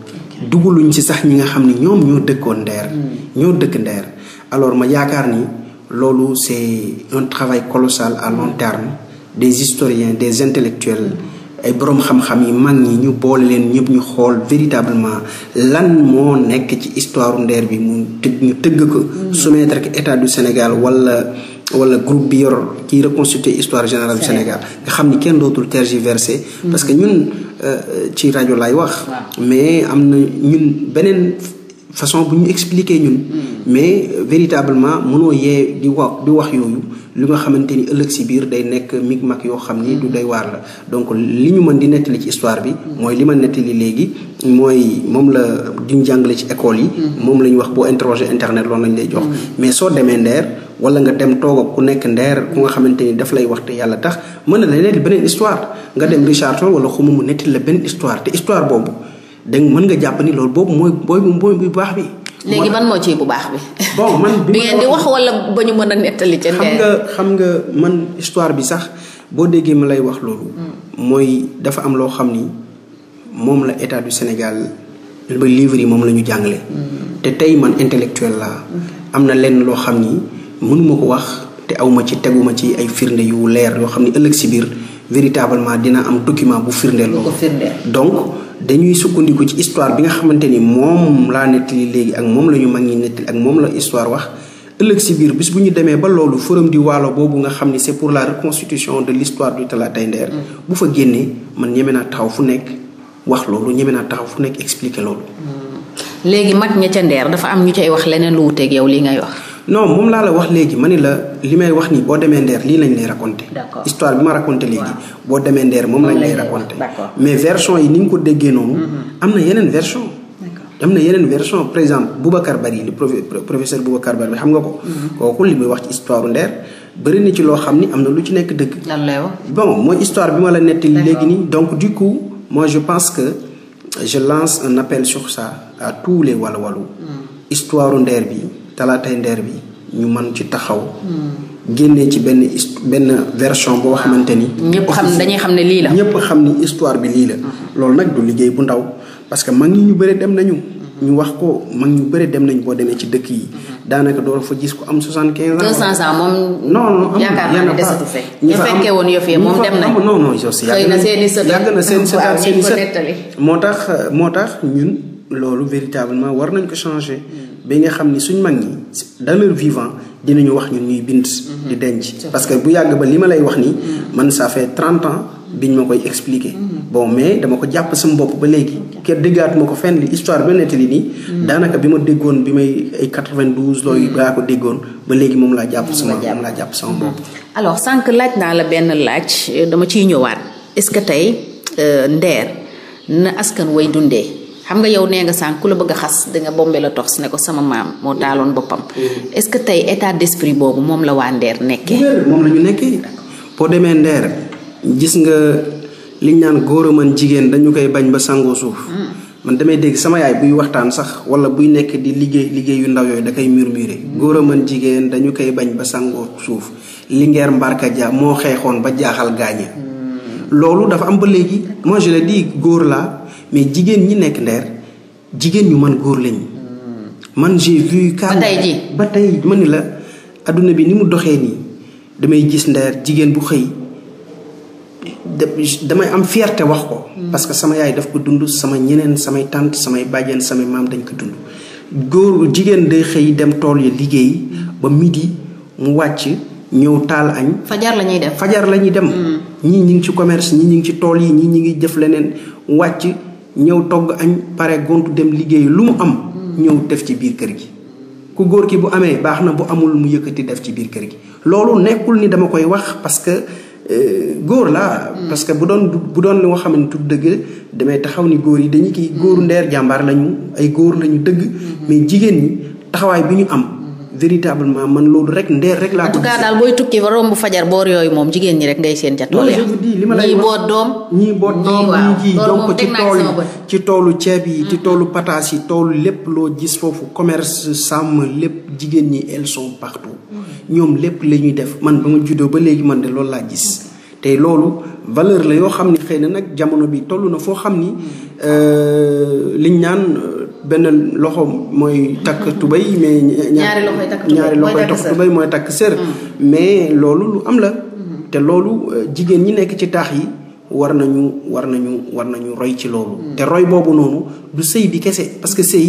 dugaluñ si sax ñi nga xam ne ñoom ñoo dëkkoon ndeer. Mm. ñoo dëkk ndeer alors ma yaakaar ni loolu c'est un travail colossal à long terme des historiens des intellectuels. Mm. ay boroom xam-xam yi mag ñi ñu boole leen ñëpp ñu xool véritablement lan moo nekk ci histoire Nder bi mu tëgg ñu tëgg ko. Mm. soumettre ko état du Sénégal wala wala groupe bi yor kii reconstituer histoire générale du Sénégal nga xam ni kenn dootul tergiverser. Mm. parce que ñun euh, ci rajo laay wax. mais am na ñun beneen. façon bu ñu expliquer ñun. Mm. mais euh, véritablement mënoo yee di wax di wax yooyu. li nga xamante ni ëllëg si biir day nekk mig mag yoo xam ni du day waar la donc li ñu mën di nettali ci histoire bi mooy li ma nettali léegi mooy moom la duñ jàngale ci école yi mm. moom la ñu wax boo interroger internet loolu lañ lay jox mm. mais soo demee ndeer wala nga dem toog ku nekk ndeer ku nga xamante ni daf lay wax te yàlla tax mën na la nettali beneen histoire nga dem Richard Toll wala xuma mu nettali la benn histoire te histoire boobu danga mën baax bi léegi ban moo ci bu baax bi. bi ngeen di wax wala ba ñu mën a nettali ca. xam xam nga man histoire bi sax boo déggee ma lay wax loolu. Hmm. mooy dafa am loo xam ni moom la état du Sénégal ba livre yi moom la ñu jàngale. Hmm. te tey man intellectuel la hmm. am na lenn loo xam ni mënuma ko wax te awma ci teguma ci ay firnde yu leer yoo xam ni ëllëg si biir véritablement dina am document bu firnde loolu. donc. dañuy sukkandiku ci histoire bi nga xamante ni moom laa nettali léegi ak moom la ñu mag ñi nettali ak moom la histoire wax ëllëg si biir bis bu ñu demee ba loolu forum di waalo boobu nga xam ni c'est pour la reconstitution de l'histoire du Talaatay Nder mm. bu fa génnee man ñeme naa taxaw fu nekk wax loolu ñeme naa taxaw fu nekk expliquer loolu mm. léegi mag ña ca dafa am ñu cay wax leneen lu wuteeg yow li ngay wax non moom laa la wax léegi ma ne la li may wax nii boo demee ndeer lii lañ lay raconté. histoire bi ma raconté léegi. boo demee Nder moom lañ lay raconté. mais version yi ni ñu ko déggee noonu. Mm-hmm. am na yeneen version. am na yeneen version par exemple Boubacar Bari li professeur Boubacar Bari xam nga ko. Mm-hmm. kooku li muy wax ci histoire Nder bëri na ci loo xam ni am na lu ci nekk dëgg. lan lay wax bon mooy histoire bi ma la nettali léegi nii donc du coup moi je pense que je lance un appel ça à les walu-walu. Mm. histoire bi. talaatay ndeer bi ñu mën ci taxaw. Hmm. génne ci benn benn version boo xamante ni. ñëpp xam xam ne lii la. ñëpp xam ni histoire bi lii la. Hmm. loolu nag du liggéey bu ndaw parce que mag ñu bëri dem nañu. Hmm. ñu wax ko mag ñu bëri dem nañ boo demee ci dëkk yi. daanaka doo fa gis ko am 75 ans. 200 ans moom. non non amul yaakaar naa ne desatu fe. ñu fekkee woon yëf yi moom dem nañ. non na seen i sët yàgg moo tax moo tax ñun loolu véritablement war nañ ko changer. bi nga xam ni suñ mag ñi dans leur vivant dinañu wax ñu ñuy bind. di denc parce que bu yàgg ba li ma lay wax nii. Mm. man ça fait trente ans biñ ma koy expliquer. Mm. bon mais dama ko jàpp sama bopp ba léegi. kenn déggaatuma ko fenn li histoire ba nettali nii. Mm. daanaka bi ma déggoon bi may ay 92 looy gaa ko déggoon ba léegi moom laa jàpp sama moom laa jàpp sama bopp. alors sànq laaj naa la benn laaj dama ciy ñëwaat est-ce que tey euh, Nder na askan way dundee. xam nga yow nee nga sànq ku la bëgg xas danga bombe la tox ne ko sama maam moo taaloon boppam. Mm-hmm. est-ce que tey état d'esprit boobu moom la waa Nder nekkee. moom la ñu nekkee boo demee Nder gis nga liñ naan góor a mën jigéen dañu koy bañ ba sangoo suuf. Mm. man damay dégg sama yaay buy waxtaan sax wala buy nekk di liggéey liggéey yu ndaw yooyu da koy murmurer mm. góor a mën jigéen dañu koy bañ ba sangoo suuf Linguère Mbarka ja moo xeexoon ba jaaxal gaañe mm. loolu dafa am ba léegi moi je le góor la mais jigéen ñi nekk ndeer jigéen ñu man góor lañ man j'ai vu ba tey ji ni la adduna bi ni mu doxee nii damay gis ndeer jigéen bu xëy damay am fierté wax ko hmm. parce que sama yaay daf ko dund sama ñeneen samay tànt samay bàjjen samay maam dañ ko dund góor jigéen day xëy dem tool yi liggéey hmm. ba midi mu wàcc ñëw taal añ fajar la ñuy def fajar la ñuy dem hmm. ñii ñi ngi ci commerce ñii ñi ngi ci tool yi ñii ñi ngi jëf leneen wàcc ñëw togg añ pare gontu dem liggéey lu mu am mm. ñëw def ci biir kër gi ku góor ki bu amee baax na bu amul mu yëkkati def ci biir kër gi loolu nekkul ni dama koy wax parce que euh, góor la mm. parce que bu doon bu doon li nga tudd dëgg demee taxaw ni góor yi dañu kiy góor mm. ndeer jàmbaar lañu ay góor lañu dëgg mm-hmm. mais jigéen ñi taxawaay bi ñu am véritablement man loolu rek ndeer rek laa ko. en tout cas daal booy tukki ba romb fajar boo yooyu moom jigéen ñi rek ngay seen ca tool ya. ñii boot doom ñii boot doom ñii ji donc ci tool ci toolu ceeb yi ci toolu pataas yi toolu lépp loo gis foofu commerce sàmm lépp jigéen ñi elles paxtu ñoom lépp la ñuy def man ba ma juddoo ba léegi man de loolu laa gis. tey loolu valeur la yoo xam ne xëy na nag jamono bi toll na foo xam ni euh, liñ naan. Euh, benn loxo mooy takk mhm. tubay mais ñaari loxoy takk tubay mooy takk sër mhm. mais loolu lu am la mhm. te loolu euh, jigéen ñi nekk ci taax yi war nañu war nañu war nañu roy ci loolu te roy boobu noonu du sëy bi kese parce que sëy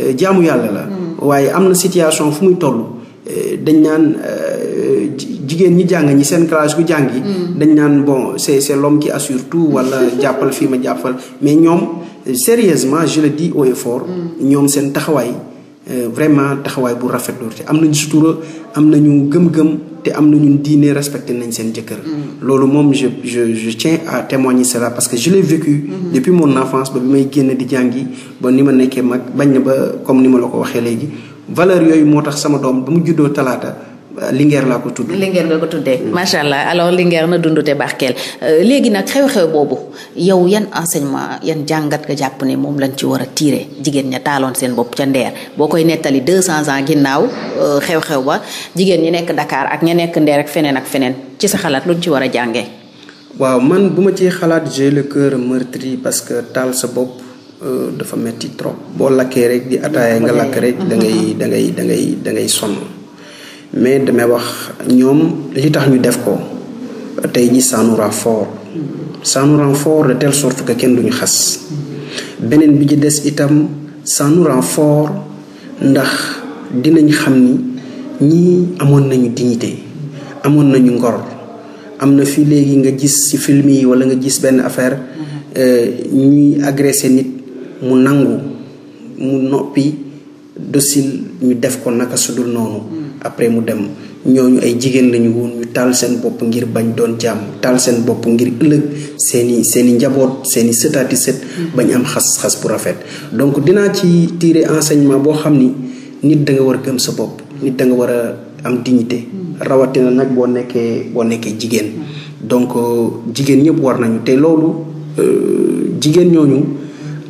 euh, jaamu yàlla la waaye am na situation fu muy toll euh, dañ naan jigéen ñi jàng ñi seen classe gu jàng yi. Mm. dañ naan bon c'est c'est l'homme qui assure tout wala jàppal fii ma jàppal mais ñoom sérieusement je le dis haut et fort. Mm. ñoom seen taxawaay euh, vraiment taxawaay bu rafet loolu te am nañu sutura am na ñu gëm-gëm te am na nañu diine respecté nañ seen jëkkër. Mm. loolu moom je je je tiens à témoigner cela parce que je l'ai vécu. Mm-hmm. depuis mon enfance ba bi may génn di jàngi ba ni ma nekkee mag bañ na ba comme ni ma la ko waxee léegi valeur yooyu moo tax sama doom ba Linguère laa ko tudd. Linguère nga ko tuddee. Mm. macha allah alors Linguère na dundu dundute barkeel euh, léegi nag xew-xew boobu yow yan enseignement yan jàngat nga jàpp ne moom lañ ci war a tiire jigéen ña taaloon seen bopp ca ndeer boo koy nettali deux cents ans ginnaaw euh, xew-xew ba jigéen ñi nekk Dakar ak ña nekk ndeer ak feneen ak feneen ci sa xalaat ñu ci war a jàngee. waaw man bu ma ci xalaat j'ai le cœur meurtri parce que taal sa bopp. Euh, dafa metti trop boo lakkee rek di ataaya nga lakk rek da da ngay da mais damay wax ñoom li tax ñu def ko tey ji ça nous rend fort ça nous rend fort de telle sorte que kenn duñu xas beneen bi ci des itam ça nous rend ndax dinañ xam ni ñii amoon nañu dignité amoon nañu ngor am na fii léegi nga gis ci film yi walla nga gis benn affaire euh, ñuy agressé nit mu nangu mu noppi docile ñu def ko naka sudul noonu après mu dem ñooñu ay jigéen lañu woon ñu taal seen bopp ngir bañ doon jàmm taal seen bopp ngir ëllëg seeni seeni njaboot seeni sëtaati sët bañ am xas-xas bu rafet donc dinaa ci tirer enseignement boo xam ni nit danga war a gëm sa bopp nit da nga war a am dignité rawatina nag boo nekkee boo nekkee jigéen donc euh, jigéen ñëpp war nañu te loolu euh, jigéen ñooñu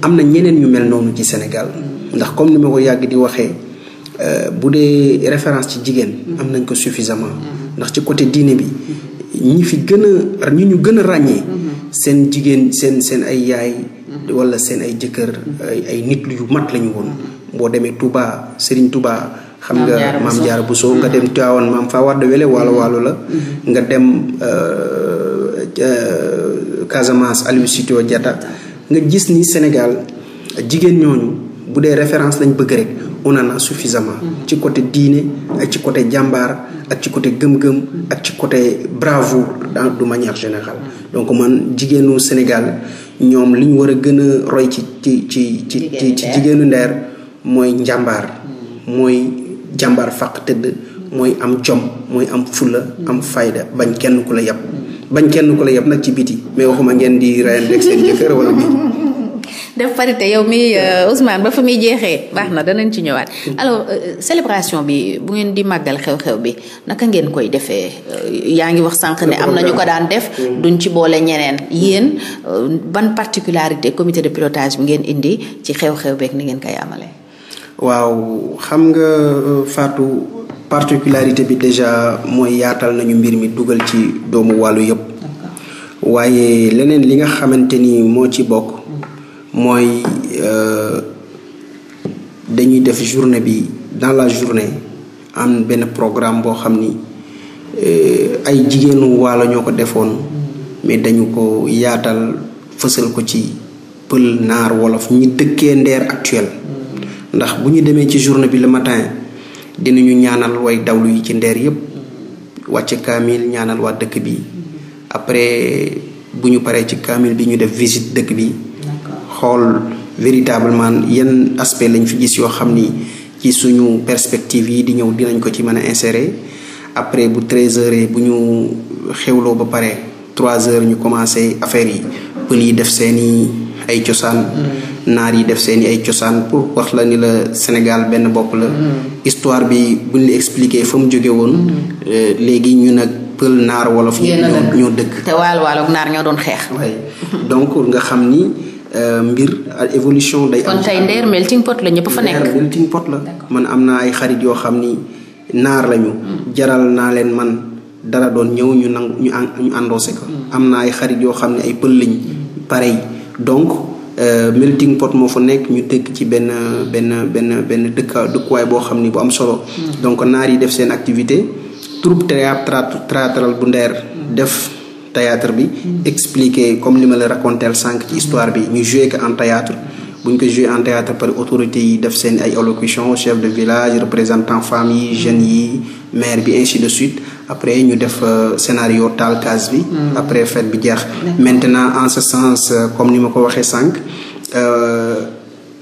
am na ñeneen ñu mel noonu ci Sénégal ndax comme ni ma ko yàgg di waxee Euh, bu dee référence ci jigéen. Mhm. am nañ ko suffisamment. Mhm. ndax ci côté diine bi ñi fi gën a ñi ñu gën a ràññee. Mhm. seen jigéen seen seen ay yaay. wala seen ay jëkkër ay nit yu mat lañu woon. boo demee Touba Serigne Touba. xam nga maam Jaara Buso nga dem Tiwaawan maam faa war de wele waalo waalo la. nga dem Casamance Aline Sitoé Diatta nga gis ni Sénégal jigéen ñooñu bu dee référence lañ bëgg rek. on en a suffisamment. Mm-hmm. ci côté diine ak ci côté jàmbaar ak ci côté gëm-gëm ak ci côté bravoure du de manière général mm-hmm. donc man jigéenu Sénégal ñoom li ñu war a gën a roy ci ci ci jigéenu ndeer mooy njàmbaar mm-hmm. mooy jàmbaar fàq tëdd mooy am jom mooy am fulla am fayda bañ kenn ku la yàpp bañ kenn ku la yàpp nag ci biti mais waxuma ngeen di rayante ak seen jëkkër wala bi def parité yow mi euh, Ousmane ba fa muy jeexee baax na danañ ci ñëwaat. alors euh, célébration bi bu ngeen di màggal xew-xew bi naka ngeen koy defee euh, yaa ngi wax sànq ne am na ñu ko daan def. duñ ci boole ñeneen yéen ban particularité comité de pilotage bi ngeen indi ci xew-xew beeg ni ngeen koy amale waaw xam nga Fatou. particularité bi déjà mooy yaatal nañu mbir mi dugal ci doomu wàllu yëpp waaye leneen li nga xamante ni moo ci bokk mooy euh, dañuy def journée bi dans la journée am benn programme boo xam ni euh, ay jigéenu waalo ñoo ko defoon mais dañu ko yaatal fësal ko ci pël naar wolof ñi dëkkee ndeer actuel ndax bu ñu demee ci journée bi le matin dinañu ñaanal way dawlu yi ci ndeer yépp wàcce kaamil ñaanal waa dëkk bi après bu ñu paree ci kaamil bi ñu def visite dëkk bi xool véritablement yan aspect lañ fi gis yoo xam ni ci suñu perspective yi di ñëw dinañ ko ci mën a insérer après bu 13 heures bu ñu xewloo ba pare trois heures ñu commencé affaire yi pël yi def seeni ay cosaan. Mm. naar yi def seeni ay cosaan pour wax la ni la Sénégal benn bopp la. Mm. histoire bi buñ la expliquer fa mu jóge woon. Mm. Euh, léegi ñu nag pël naar wolof. ñoo ñoo dëkk. te waalo waalo naar ñoo doon xeex. donc nga xam ni. Euh, mbir ak évolution day. am kon melting pot la ñëpp fa nekk. Nder melting pot la. man am naa ay xarit yoo xam ni naar lañu. Hmm. jaral naa leen man dara doon ñëw ñu nangu ñu ñu ko. Hmm. am na ay xarit yoo xam ne ay pël lañ. Hmm. pareil donc euh, melting pot moo fa nekk ñu dëkk ci benn benn benn benn dëkka dëkkuwaay boo xam ni bu am solo. donc naar yi def seen activité troupe théâtral bu Nder def. théâtre bi expliquer comme li ma la raconter sànq ci histoire bi ñu joué ko en théâtre bu ko joué en théâtre par autorité yi def seen ay allocution chef de village représentant femmes yi jeunes yi maire bi ainsi de suite après ñu def euh, scénario taal case bi mm. après fête bi jeex maintenant en ce sens euh, comme ni ma ko waxee sànq euh,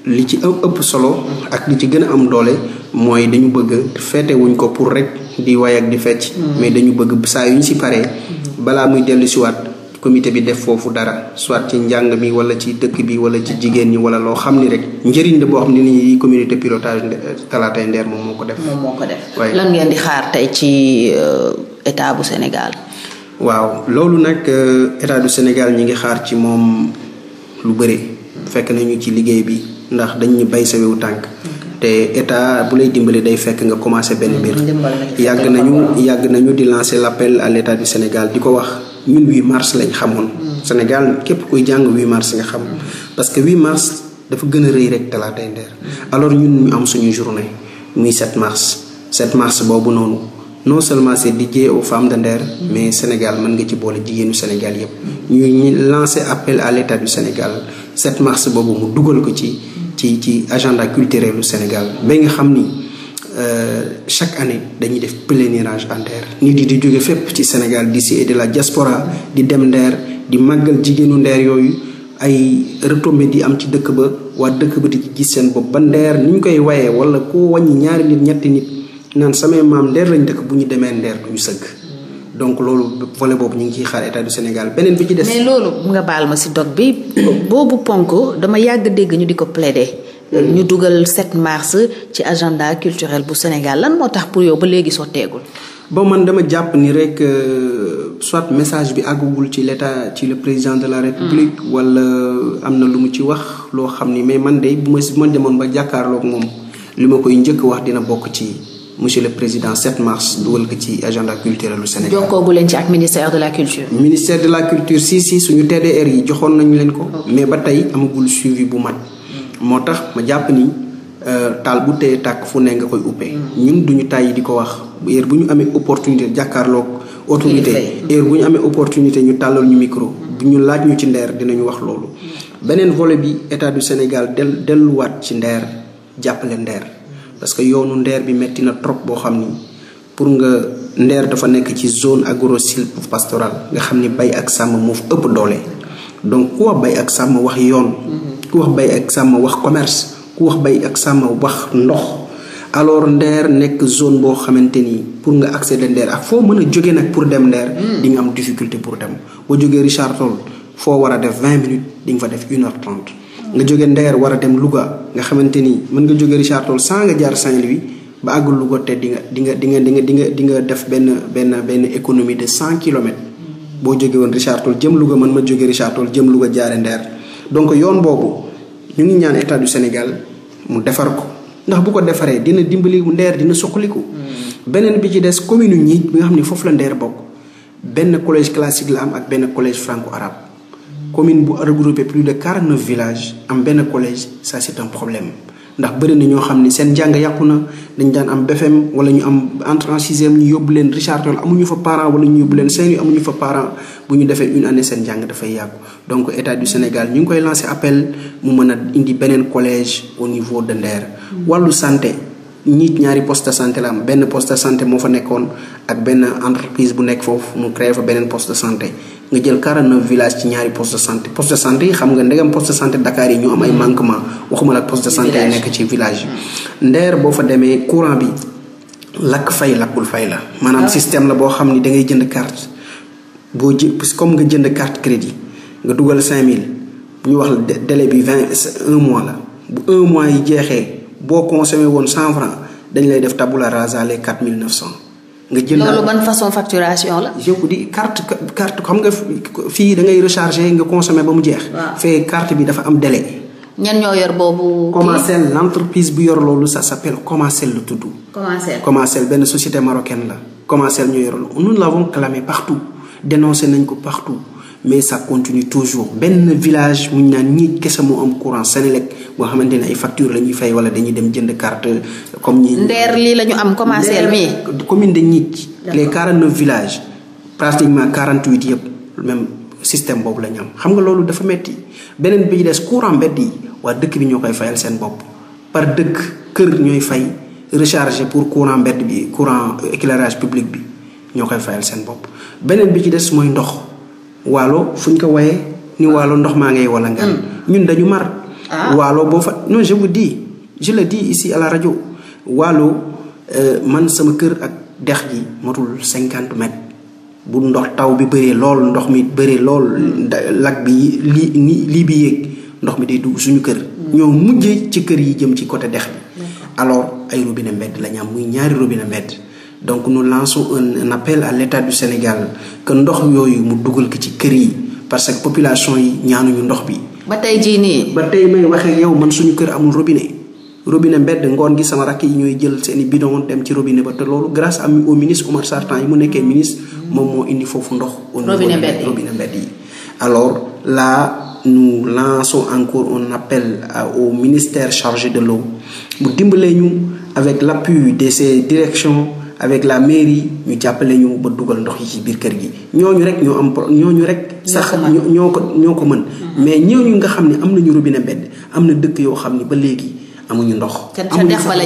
li ci ëpp solo ak li ci gën a am doole mooy dañu bëgg féetewuñ ko pour rek di way ak di fecc mm. mais dañu bëgg saa yuñ si paree mm-hmm. balaa muy dellu siwaat comité bi def foofu dara soit ci njàng mi wala ci dëkk bi wala ci jigéen ñi wala loo xam ni rek njëriñ la boo xam ne nii communauté pilotage euh, talaatay ndeer moom moo ko def. moo ko def lan ngeen di xaar tey ci euh, état bu Sénégal. waaw loolu nag euh, état bu Sénégal ñi ngi xaar ci moom lu bëri. Mm. fekk nañu ci liggéey bi ndax dañ bay sa tànk. Mm. te état bu lay dimbalee day fekk nga commencé benn mbir mm-hmm. yàgg nañu yàgg nañu di lancer l'appel à l'état Sénégal di ko wax ñun 8 mars lañ xamoon mm-hmm. Sénégal képp kuy jàng 8 mars nga xam mm-hmm. parce que 8 mars dafa gën a rëy rek talaatay alors ñun am suñu journée muy 7 mars 7 boobu noonu non seulement c'est dédié aux femmes de Nder mais Sénégal mën nga ci boole jigéenu Sénégal yépp ñuy lancer appel à l'état du Sénégal set mars boobu mu dugal ko ci ci ci agenda culturel lu Sénégal ba nga xam ni euh, chaque année dañuy def pèlerinage en terre nit yi di jóge fépp ci Sénégal d'ici et de la diaspora di dem ndeer di màggal jigéenu ndeer yooyu ay retombées di am ci dëkk ba waa dëkk ba di gis seen bopp ba ndeer ni ñu koy wayee wala koo wàññi ñaari nit ñetti nit naan samay maam ndeer lañ dëkk bu ñu demee ndeer du ñu sëgg donc loolu volet boobu ñu ngi ciy xaar état du Sénégal beneen bi ci des. mais loolu nga baal ma si dog bi boobu ponk dama yàgg dégg ñu di ko plaider. ñu dugal set mars ci agenda culturel bu Sénégal lan moo tax pour yow ba léegi sotteegul. ba man dama jàpp ni rek euh, soit message bi àggagul ci l'état ci le président de la république. Mm. wala am na lu mu ci wax loo xam ni mais man de bu ma si man demoon ba jàkkaarlook moom li ma koy njëkk wax dina bokk ci. monsieur le président 7 mars dugal ko ci agenda culturel lu Sénégal. jokkoo gu leen ci ak ministère de la culture. ministère de la culture si si suñu TDR yi joxoon nañu leen ko. mais ba tey amagul suivi bu mat. Hmm. moo tax ma jàpp ni euh, taal bu teye tàkk fu ne nga koy uppee. Hmm. ñun duñu tàyyi di ko wax heure bu ñu amee opportunité jàkkaarloog. autorité heure bu ñu amee opportunité ñu tàllal ñu micro. Hmm. bu ñu laaj ñu ci ndeer dinañu wax loolu. beneen volet bi état du Sénégal del delluwaat ci ndeer jàppale ndeer. parce que yoonu ndeer bi metti na trop boo xam ni pour nga ndeer dafa nekk ci zone agro-sylvo-pastorale nga xam ni bay ak sàmm moo ëpp doole donc ku wax bay ak sàmm wax yoon ku wax bay ak sàmm wax commerce ku wax bay ak sàmm wax ndox alors ndeer nekk zone boo xamante ni pour nga accéder ndeer ak foo mën a jóge nag pour dem ndeer hmm. di nga am difficulté pour dem boo jógee Richard Toll foo war a def vingt minutes di nga fa def une heure trente nga jóge Ndeer war a dem Louga nga xamante ni mën nga jóge Richard Toll sans nga jaar Saint-Louis ba àggul Louga te di nga di nga di nga di nga di nga di nga def benn benn économie de cent kilomètres boo jóge woon Richard Toll jëm luga man ma jóge Richard Toll jëm Louga jaare Ndeer donc yoon boobu ñu ngi ñaan état du Sénégal mu defar ko ndax bu ko defaree dina dimbali Ndeer dina suqaliku. Hmm. beneen bi ci des commune u bi nga xam ne foofu la Ndeer bokk benn collège classique la am ak benn collège franco arabe. commune bu regroupé plus de quarante neuf villages am benn collège ça c'est un problème ndax bëri na ñoo xam ne seen jàng yàqu na dañ daan am BFEM wala ñu am entrée en sixième ñu yóbbu leen Richard Toll amuñu fa parent wala ñu yóbbu leen Saint-Louis amuñu fa parent bu ñu defee une année seen jàng dafay yàqu donc état du Sénégal ñu ngi koy lancé appel mu mën a indi beneen collège au niveau de Nder wàllu santé ñiit ñaari poste de santé la benn poste de santé moo fa nekkoon ak benn entreprise bu nekk foofu mu créé fa beneen poste de santé nga jël 49 village ci ñaari poste de santé poste de santé yi xam nga ndegam poste de santé Dakar yi ñu am ay manquement waxuma la poste de santé yi nekk ci village ndeer boo fa demee courant bi lakk fay lakkul fay la maanaam ah. système la boo xam ni da ngay jënd carte boo jë comme nga jënd carte crédit nga dugal 5000 bu ñu wax la délai bi 20 mois la bu mois yi jeexee boo consommé woon cent franc dañ lay def tabula rasa les quatre mille neuf cent nga jël loolu ban façon facturation la. yëpp di carte carte xam nga fii da ngay recharger nga consommer ba mu jeex. fee carte bi dafa am délai. ñan ñoo yor boobu. Comacel l'entreprise bu yor loolu sa s'appelle Comacel la tudd. Comacel Comacel benn société marocaine la. Comacel ñu yor loolu nous l'avons clamé partout dénoncé nañ ko partout. mais ça continue toujours benn village mu ñu naan ñi kese moo am courant Senelec boo xamante ne ay facture la ñuy fay wala dañuy dem jënd carte comme ñi ndeer lii la ñu am commencé mi commune de Gnith les 49 villages pratiquement 48 yëpp même système boobu la ñu am xam nga loolu dafa metti beneen bi ñu des courant mbedd yi waa dëkk bi ñoo koy fayal seen bopp par dëkk kër ñooy fay recharger pour courant mbedd bi courant éclairage public bi ñoo koy fayal seen bopp beneen bi ci des mooy ndox waalo fu ñu ko wayee ni ah. waalo ndox maa ngay wala ngan hmm. ñun dañu mar ah. waalo boo fa non je vous dis je le dis ici à waalo euh, man sama kër ak dex gi matul cinquante mètres bu ndox taw bi bëree lool ndox mi bëree lool hmm. lag bi lii ni lii bi yéeg ndox mi day dugg suñu kër hmm. ñoo mujjee ci kër yi jëm ci côté dex bi alors ay robine mbedd la ñu am muy ñaari robinet mbedd donc nous lançons un, un appel à Sénégal que ndox yooyu mu dugal ko ci kër yi parce que population yi ñaanuñu ndox bi. ba tey jii nii. ba tey may waxee yow man suñu kër amul robinet robinet mbedd ngoon gi sama rakk yi ñooy jël seeni bidon dem ci robinet ba te loolu grâce am au ministre Oumar Sarr Temps yi mu nekkee moom moo indi foofu ndox. robinet mbedd robinet mbedd yi. alors encore un appel au ministère chargé de l'eau mu dimbalee ñu avec l'appui de ses directions. avec la mairie ñu jàppale ñu ba dugal ndox yi ci biir kër gi ñooñu rek ñoo am ñooñu rek sax ñoo ko ñoo ko mën mm-hmm. mais ñooñu nga xam ne am nañu robinet mbedd am na dëkk yoo xam ne ba léegi amuñu ndox amuñu sax ba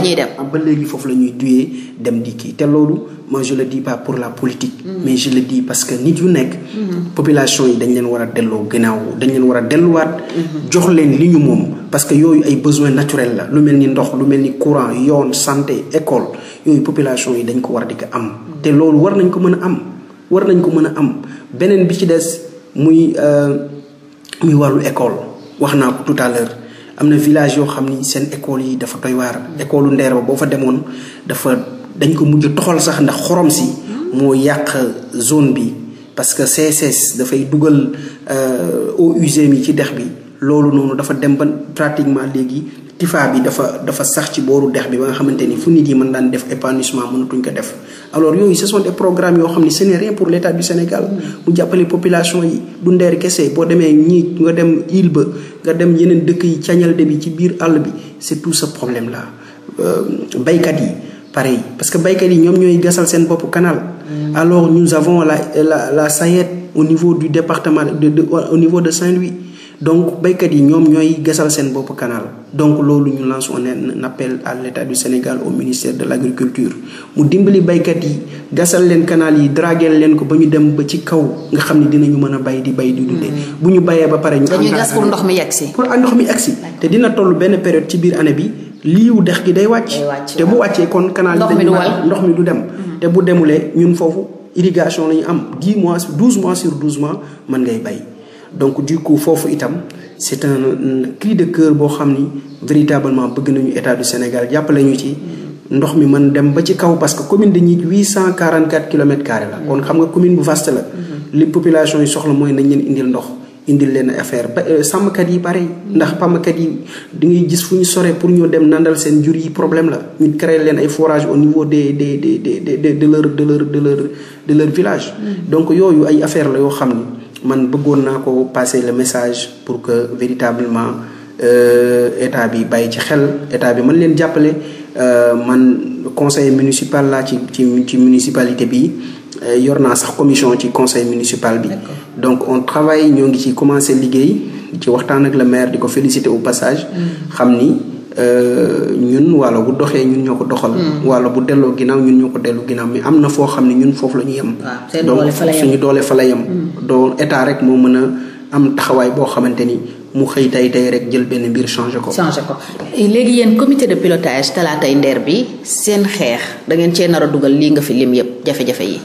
léegi foofu la ñuy duyee dem di kii te loolu moi je le dis pas pour la politique mm-hmm. mais je di dis parce que nit yu nekk mm-hmm. population yi dañ leen war a delloo gannaaw dañ leen war a delluwaat jox leen li ñu moom parce que yooyu ay besoin naturel la lu mel ni ndox lu mel ni courant yoon santé école yooyu population yi dañ ko war a ko am. te loolu war nañ ko mën a am war nañ ko mën a am beneen bi ci des muy euh, muy wàllu école wax naa ko tout à l'heure am na village yoo xam ni seen école yi dafa doy waar. école u Ndeer ba boo fa demoon dafa dañ ko mujj toxal sax ndax xorom si. moo yàq zone bi parce que CSS dafay dugal euh, eaux usées yi ci dex bi loolu noonu dafa dem ba pratiquement léegi. tifaa bi dafa dafa sax ci booru dex bi ba nga xamante ni fu nit yi mën daan def épanouissement mënatuñ ko def alors yooyu ce sont des programmes yoo xam ne ce n'est rien pour l'état du Sénégal mm. mu jàppale population yi du ndeer kese boo demee ñii nga dem île ba nga dem yeneen dëkk yi cañal de bi ci biir àll bi c'est tout ce problème là euh, baykat yi pareil parce que baykat yi ñoom ñooy gasal seen bopp canal mm. alors nous avons la la la SAED au niveau du département niveau de Saint-Louis donc baykat yi ñoom ñooy gasal seen bopp kanaal donc loolu ñu lance ne appel à l'état du Sénégal au ministère de l'agriculture mu dimbali baykat yi gasal leen kanaal yi draguel leen ko ba ñu dem ba ci kaw nga xam ne dinañu mën a bay di bay di dundee mm. bu ñu bayee ba pare ñu dañuy gas pour ndox mi yegsi pour ndox mi yegsi te dina toll benn période ci biir année bi liiw dex gi day wàcc te bu wàccee kon canal yi ndox mi du dem mm. te bu demulee ñun foofu irrigation la ñu am 10 mois 12 mois sur 12 mois mën ngay bay donc du coup foofu itam c'est un cri de cœur boo xam ni véritablement bëgg nañu état du Sénégal jàppale ñu ci ndox mi mën dem ba ci kaw parce que commune cent Gnick 844 kilomètres carrés la kon xam nga commune bu vast la mm-hmm. li population yi soxla mooy nañ leen indil ndox indil leen affaire ba euh, sàmmkat yi pareil mm-hmm. ndax pàmmkat yi di ngay gis fu ñu soree pour ñu dem nandal seen jur yi problème la ñu créer leen ay forage au niveau des des des des de leur de leur de leur de village mm-hmm. donc la yoo xam man bëggoon naa ko passer le message pour que véritablement euh, état bi bàyyi ci xel état bi mën leen jàppale euh, man conseil municipal laa ci ci ci municipalité bi euh, yor naa sax commission ci conseil municipal bi donc on travaille ñoo ngi ci commencé liggéey ci waxtaan ak le maire di ko féliciter au passage mm. xam ni Euh, ñun wala bu doxee ñun ñoo ko doxal. Hmm. wala bu delloo ginnaaw ñun ñoo ko dellu ginnaaw mi am na foo xam ne ñun foofu la ñu yem. donc suñu doole fa la yam hmm. donc état rek moo mën a am taxawaay boo xamante ni mu xëy tay tay rek jël benn mbir changé ko. changé ko léegi yéen comité de pilotage talaatay ndeer bi seen xeex dangeen ngeen cee nar a dugal lii nga fi lim yëpp jafe-jafe yi.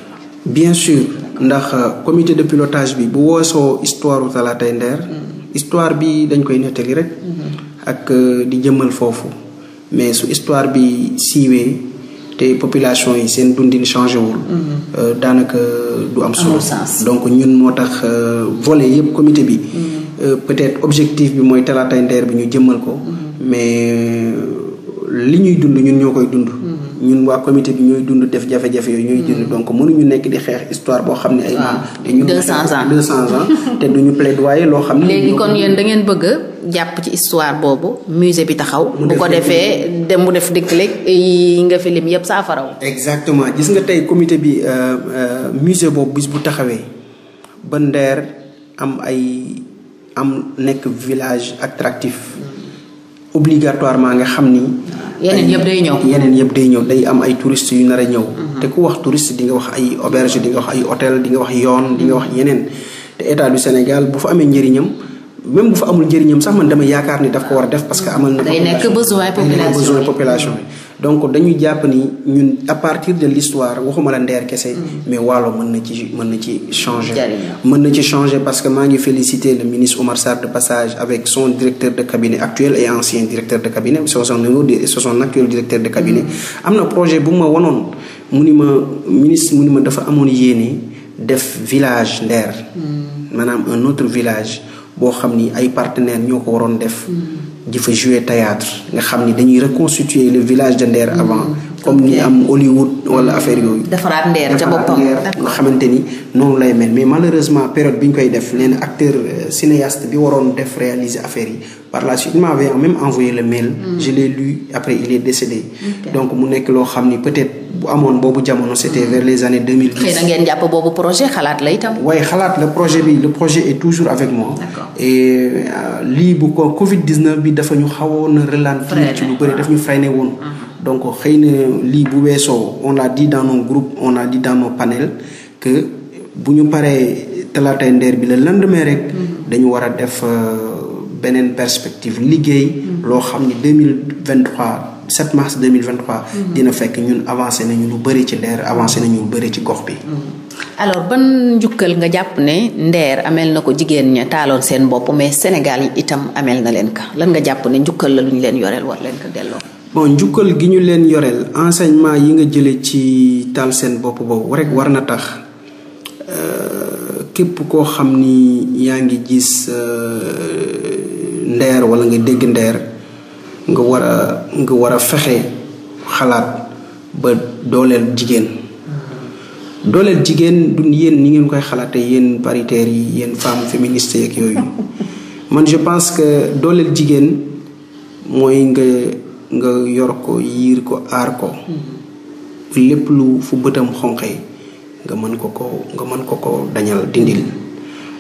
bien sûr ndax euh, comité de pilotage bi bu woosoo histoire u talaatay ndeer. Hmm. histoire bi dañ koy nettali ak euh, di jëmmal foofu mais su histoire bi siiwee te population yi seen dundin changé mm-hmm. euh, daanaka euh, du am solo. donc ñun moo tax vole yëpp comité bi. Mm-hmm. peut-être objectif bi mooy talaatay ndeer bi ñu jëmmal ko. Mm-hmm. mais li ñuy dund ñun ñoo koy dund. ñun waa comité bi ñooy dund def jafe-jafe yooyu ñuy dund mm. donc mënuñu nekk di xeex histoire boo xam ne ay maam ñu deux cent ans deux cent ans te duñu plaidoyer loo xam ne léegi kon yéen da ngeen bëgg jàpp ci histoire boobu musée bi taxaw bu ko defee dem mu def dëkk yi nga fi lim yëpp saafaraw exactement gis nga tey comité bi euh, euh, musée boobu bis bu taxawee ba Nder am ay am nekk village attractif mm. obligatoirement nga xam ni ah. yeneen yëpp day ñëw yeneen yëpp day ñëw day am ay touristes yu nar a ñëw te ku wax touriste di nga wax ay auberge di wax ay hôtel di nga wax yoon di nga wax yeneen te état du Sénégal bu fa amee njëriñam même bu fa amul njëriñam sax man dama yaakaar ni daf ko war a def parce que amal na day nekk besoin population bi donc dañuy jàpp ni ñun à partir de l'histoire waxuma la ndeer kese mm-hmm. mais waalo mën na ci mën na ci changer mën na ci changer parce que maa ngi féliciter le ministre Oumar Sarr de passage avec son directeur de cabinet actuel et ancien directeur de cabinet c'est son nouveau soo son actuel directeur de cabinet mm-hmm. am na projet bu ma wanoon mu ni ma ministre mu ma dafa amoon yéene def village ndeer mm-hmm. maanaam un autre village boo xam ni ay partenaires ñoo ko waroon def di fa jouer théâtre nga xam ni dañuy reconstituer le village de Nder avant mm. comme ñi am Hollywood wala affaire yooyu. defaraat ndeer ca boppam nga xamante ni noonu lay mel mais malheureusement période bi ñu koy def leen acteur euh, cinéaste bi waroon def réaliser affaire yi par la suite il m'avait même envoyé le mail. Mm. je l'ai lu après il mu nekk loo xam ni être bu amoon boobu jamono c'était mm. vers les années 2010. xëy na ngeen jàpp boobu projet xalaat la itam. waaye xalaat le projet bi le projet est toujours avec moi. et euh, lii bu ko Covid 19 bi dafa ñu xawoon relancer. ci lu bëri daf ñu freiné woon. Mm-hmm. donc xëy na lii bu weesoo on l'a dit dans nos groupes on l'a dit dans nos que bu ñu paree talaatay ndeer bi la le lendemain rek. Mm-hmm. dañu war a def euh, beneen perspective liggéey. Mm-hmm. loo xam ni deux mille vingt trois 7 mars 2023. Mm-hmm. dina fekk ñun avancé nañu lu bëri ci ndeer avancé nañu lu bëri ci gox bi. alors ban njukkal nga jàpp ne ndeer amel na ko jigéen ña taaloon seen bopp mais Sénégal itam amel na leen ka lan nga jàpp ne njukkal la lu ñu leen yoreel war leen ko delloo. bon njukkal gi ñu leen yoreel enseignement yi nga jëlee ci taal seen bopp boobu rek war na tax euh, képp koo xam ni yaa ngi gis euh, ndeer wala nga dégg ndeer nga war a nga war a fexe xalaat ba dooleel jigéen dooleel jigéen du yéen ni ngeen koy xalaate yéen paritaires yi yéen femmes féministes yeeg yooyu man je pense que dooleel jigéen mooy nga nga yor ko yiir ko aar ko lépp lu fu bëtam xonqee nga mën ko ko nga mën ko ko dañal dindil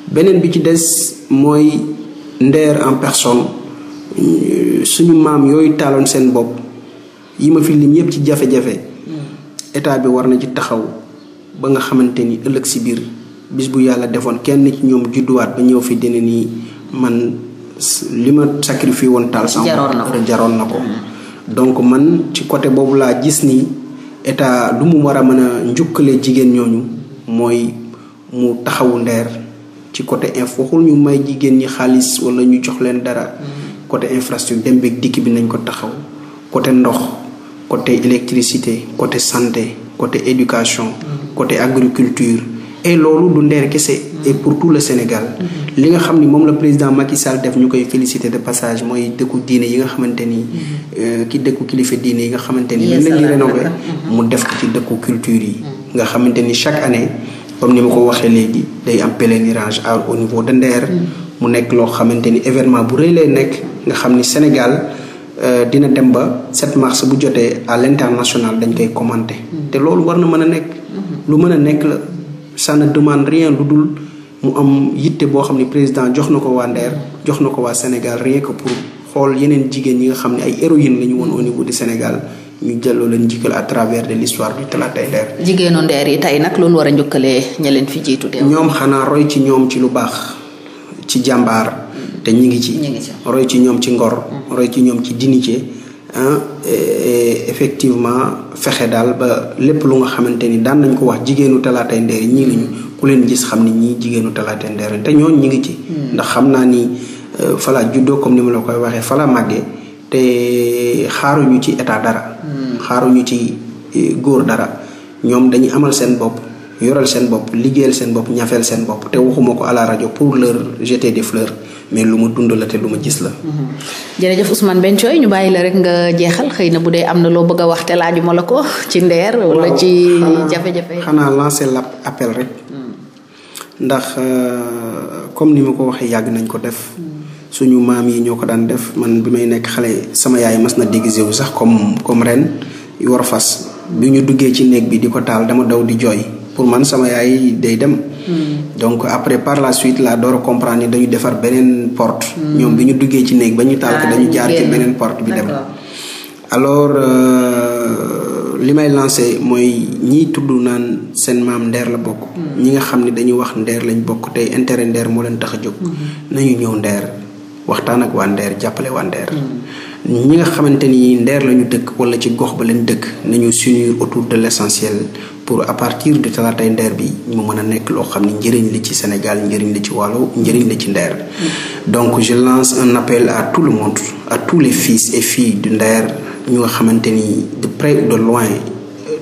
beneen bi ci des mooy ndeer en personne suñu maam yooyu taaloon seen bopp yi ma fi lim yépp ci jafe-jafe état bi war na ci taxaw ba nga xamante ni ëllëg si biir bis bu yàlla defoon kenn ci ñoom judduwaat ba ñëw fi dina nii man li ma sacrifié woon taal sama jaroon na ko donc man ci côté boobu laa gis ni état lu mu war a mën a njukkale jigéen ñooñu mooy mu taxawu ndeer ci côté info ñu may jigéen ñi xaalis wala ñu jox leen dara. côté infrastructure dem beeg dikk bi nañ ko taxaw côté ndox côté électricité côté santé côté éducation. Mm. côté agriculture. et loolu du Nder kese et pour tout le Sénégal li nga xam ni moom la président Macky Sall def ñu koy féliciter de passage mooy dëkku diine yi nga xamante ni euh, ki dëkku kilifa diine yi nga xamante ni mën nañu rénover mu def ko ci dëkku culture yi nga xamante ni chaque année comme ni ma ko waxee léegi day am pèlerinage à au niveau de Nder mu nekk loo xamante ni événement bu rëy lay nekk nga xam ni Sénégal euh, dina dem ba 7 mars bu jotee à l'international dañ koy commenter te mën a nekk nekk ça ne demande rien lu dul mu am yitte boo xam ne président jox na ko waa Nder jox na ko waa Sénégal rien que pour xool yeneen jigéen ñi nga xam ne ay héroïnes lañu ñu woon au niveau du Sénégal ñu jëloo leen njukkal à travers de l'histoire du Talaatay Nder. jigéenu Nder yi tey nag loolu war a njukkalee ña leen fi jiitu de. ñoom xanaa roy ci ñoom ci lu baax ci jàmbaar. te ñi ngi ci. roy ci ñoom ci ngor. Mm. roy ci ñoom ci dignité. effectivement fexe daal ba lépp lu nga xamante ni daan nañ ko wax jigéenu talaatay ndeer ñii lañu ku leen gis xam ni ñii jigéenu talaatay ndeer te ñooñu ñi ngi ci. Hmm. ndax xam naa ni euh, fala juddoo comme ni ma la koy waxee fala màggee te xaaruñu ci état dara. Hmm. xaaruñu ci euh, góor dara ñoom dañuy amal seen bopp. yoral seen bopp liggéeyal seen bopp ñafeel seen bopp te waxuma ko à la rajo pour leur jeter des fleur mais lu ma dund la te lu ma gis la. Mm-hmm. jërëjëf Ousmane Bencoy ñu bàyyi la rek nga jeexal xëy na bu dee am na loo bëgg a wax te laaju ma la ko ci ndeer. wala ci jafe-jafe xanaa lap l'appel rek. Mm. ndax euh, comme ni ma ko waxee yàgg nañ ko def. Mm. suñu maam yi ñoo ko daan def man bi may nekk xale sama yaay mas na déguisé wu sax comme comme ren yor fas bi ñu duggee ci néeg bi di ko taal dama daw di jooy. pour man sama yaay day dem. Hmm. donc après par la suite la door a comprendre ni dañu defar beneen porte. Hmm. ñoom bi ñu duggee ci néeg ba ñu taal ko ah, dañu jaar ci beneen porte bi dem. alors euh, li may lancé mooy ñiy tudd naan seen maam ndeer la bokk. Hmm. ñi nga xam ne dañu wax ndeer lañ bokk tey intérêt ndeer moo leen tax a jóg. nañu ñëw ndeer waxtaan ak waa ndeer jàppale waa ndeer. ñi nga xamante ni ndeer la ñu dëkk wala ci gox ba lañ dëkk nañu s'unir autour de l'essentiel pour à partir du talaatay ndeer bi mu mën a nekk loo xam ni njëriñ li ci Sénégal njëriñ li ci Waalo njëriñ li ci ndeer donc je lance un appel à tout le monde à tous les fils et filles du ndeer ñu nga xamante ni de près ou de loin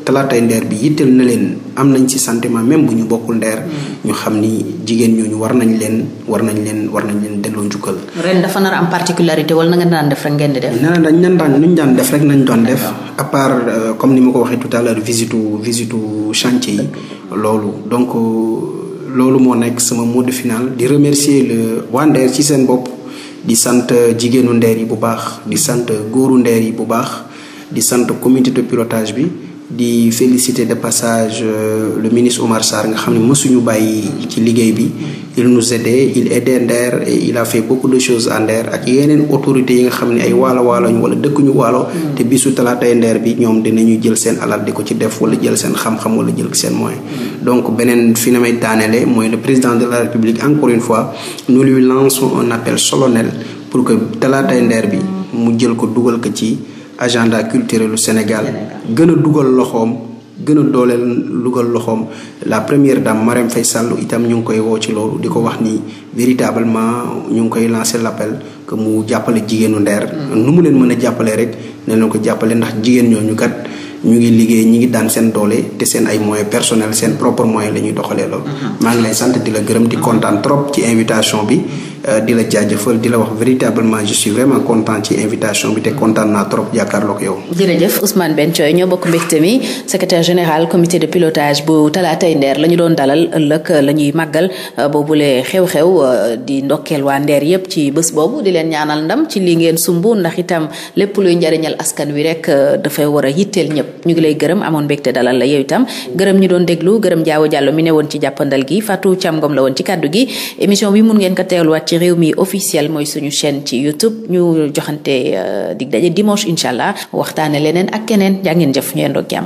talaatay ndeer bi yitteel na leen am nañ ci sentiment même bu ñu bokkul ndeer mm. ñu xam ni jigéen ñooñu war nañ leen war nañ leen war nañ leen delloo njukkal. ren dafa nar am particularité wala na nga daan def rek ngeen dañ leen daan nuñ daan def rek nañ doon def. à part euh, comme ni ma ko waxee tout à l'heure visitu visitu chantier yi. loolu donc euh, loolu moo nekk sama mot de final di remercier le waa ndeer ci seen bopp. di sant euh, jigéenu ndeer yi bu baax di sant góoru ndeer yi bu baax di sant comité de pilotage bi di félicité de passage euh, le ministre Omar Sarr nga xam ne mësuñu bàyyi ci liggéey bi il nous aidait il aidait Nder et il a fait beaucoup de choses à Nder ak yeneen autorités yi nga xam ne ay waalo waaloñ wala dëkkuñu waalo te bisu talaatay Nder bi ñoom dinañu jël seen alal di ko ci def wala jël seen xam-xam wala jël seen moyen donc beneen fi na may daanele mooy le président de la République encore une fois nous lui lançons un appel solennel pour que talaatay bi mu jël ko dugal ko ci agenda culturel lu Sénégal gën a dugal loxoom gën a dooleel dugal loxoom la première dame Marème fay Sall itam ñu ngi koy woo ci loolu di ko wax nii véritablement ñu ngi koy lancé l'appel que mu jàppale jigéenu Nder nu mu leen mën a jàppale rek ne na ko jàppale ndax jigéen ñooñu kat ñu ngi liggéey ñi ngi daan seen doole te seen ay moyens personnels seen propre moyen la ñuy doxalee loolu maa ngi lay sant di la gërëm di kontaan trop ci invitation bi Euh, di la jaajëfal di la wax véritablement je suis vraiment content ci invitation bi te kontaan naa trop jàkkaarloog yow. jërëjëf Ousmane Ben Thioye ñoo bokk mbégte mi secrétaire général la ñu doon dalal ëllëg euh, la ñuy màggal euh, boobule xew-xew di ndokkeel waa Nder ci bës boobu di leen ñaanal ndam ci lii ngeen sumb ndax itam lépp luy njariñal askan wi rek dafay war a yitteel ñëpp ñu ngi lay gërëm amoon mbégte dalal la yow itam gërëm ñu doon déglu gërëm jaawo jàllo mi ne woon ci jàppandal gi Fatou Thiam Ngom la woon ci kàddu gi émission bi réew mi officiel mooy suñu chaîne ci YouTube ñu joxante euh, dig daje dimanche incha allah waxtaane leneen ak keneen jaa ngeen jëf ñu yendoog jàmm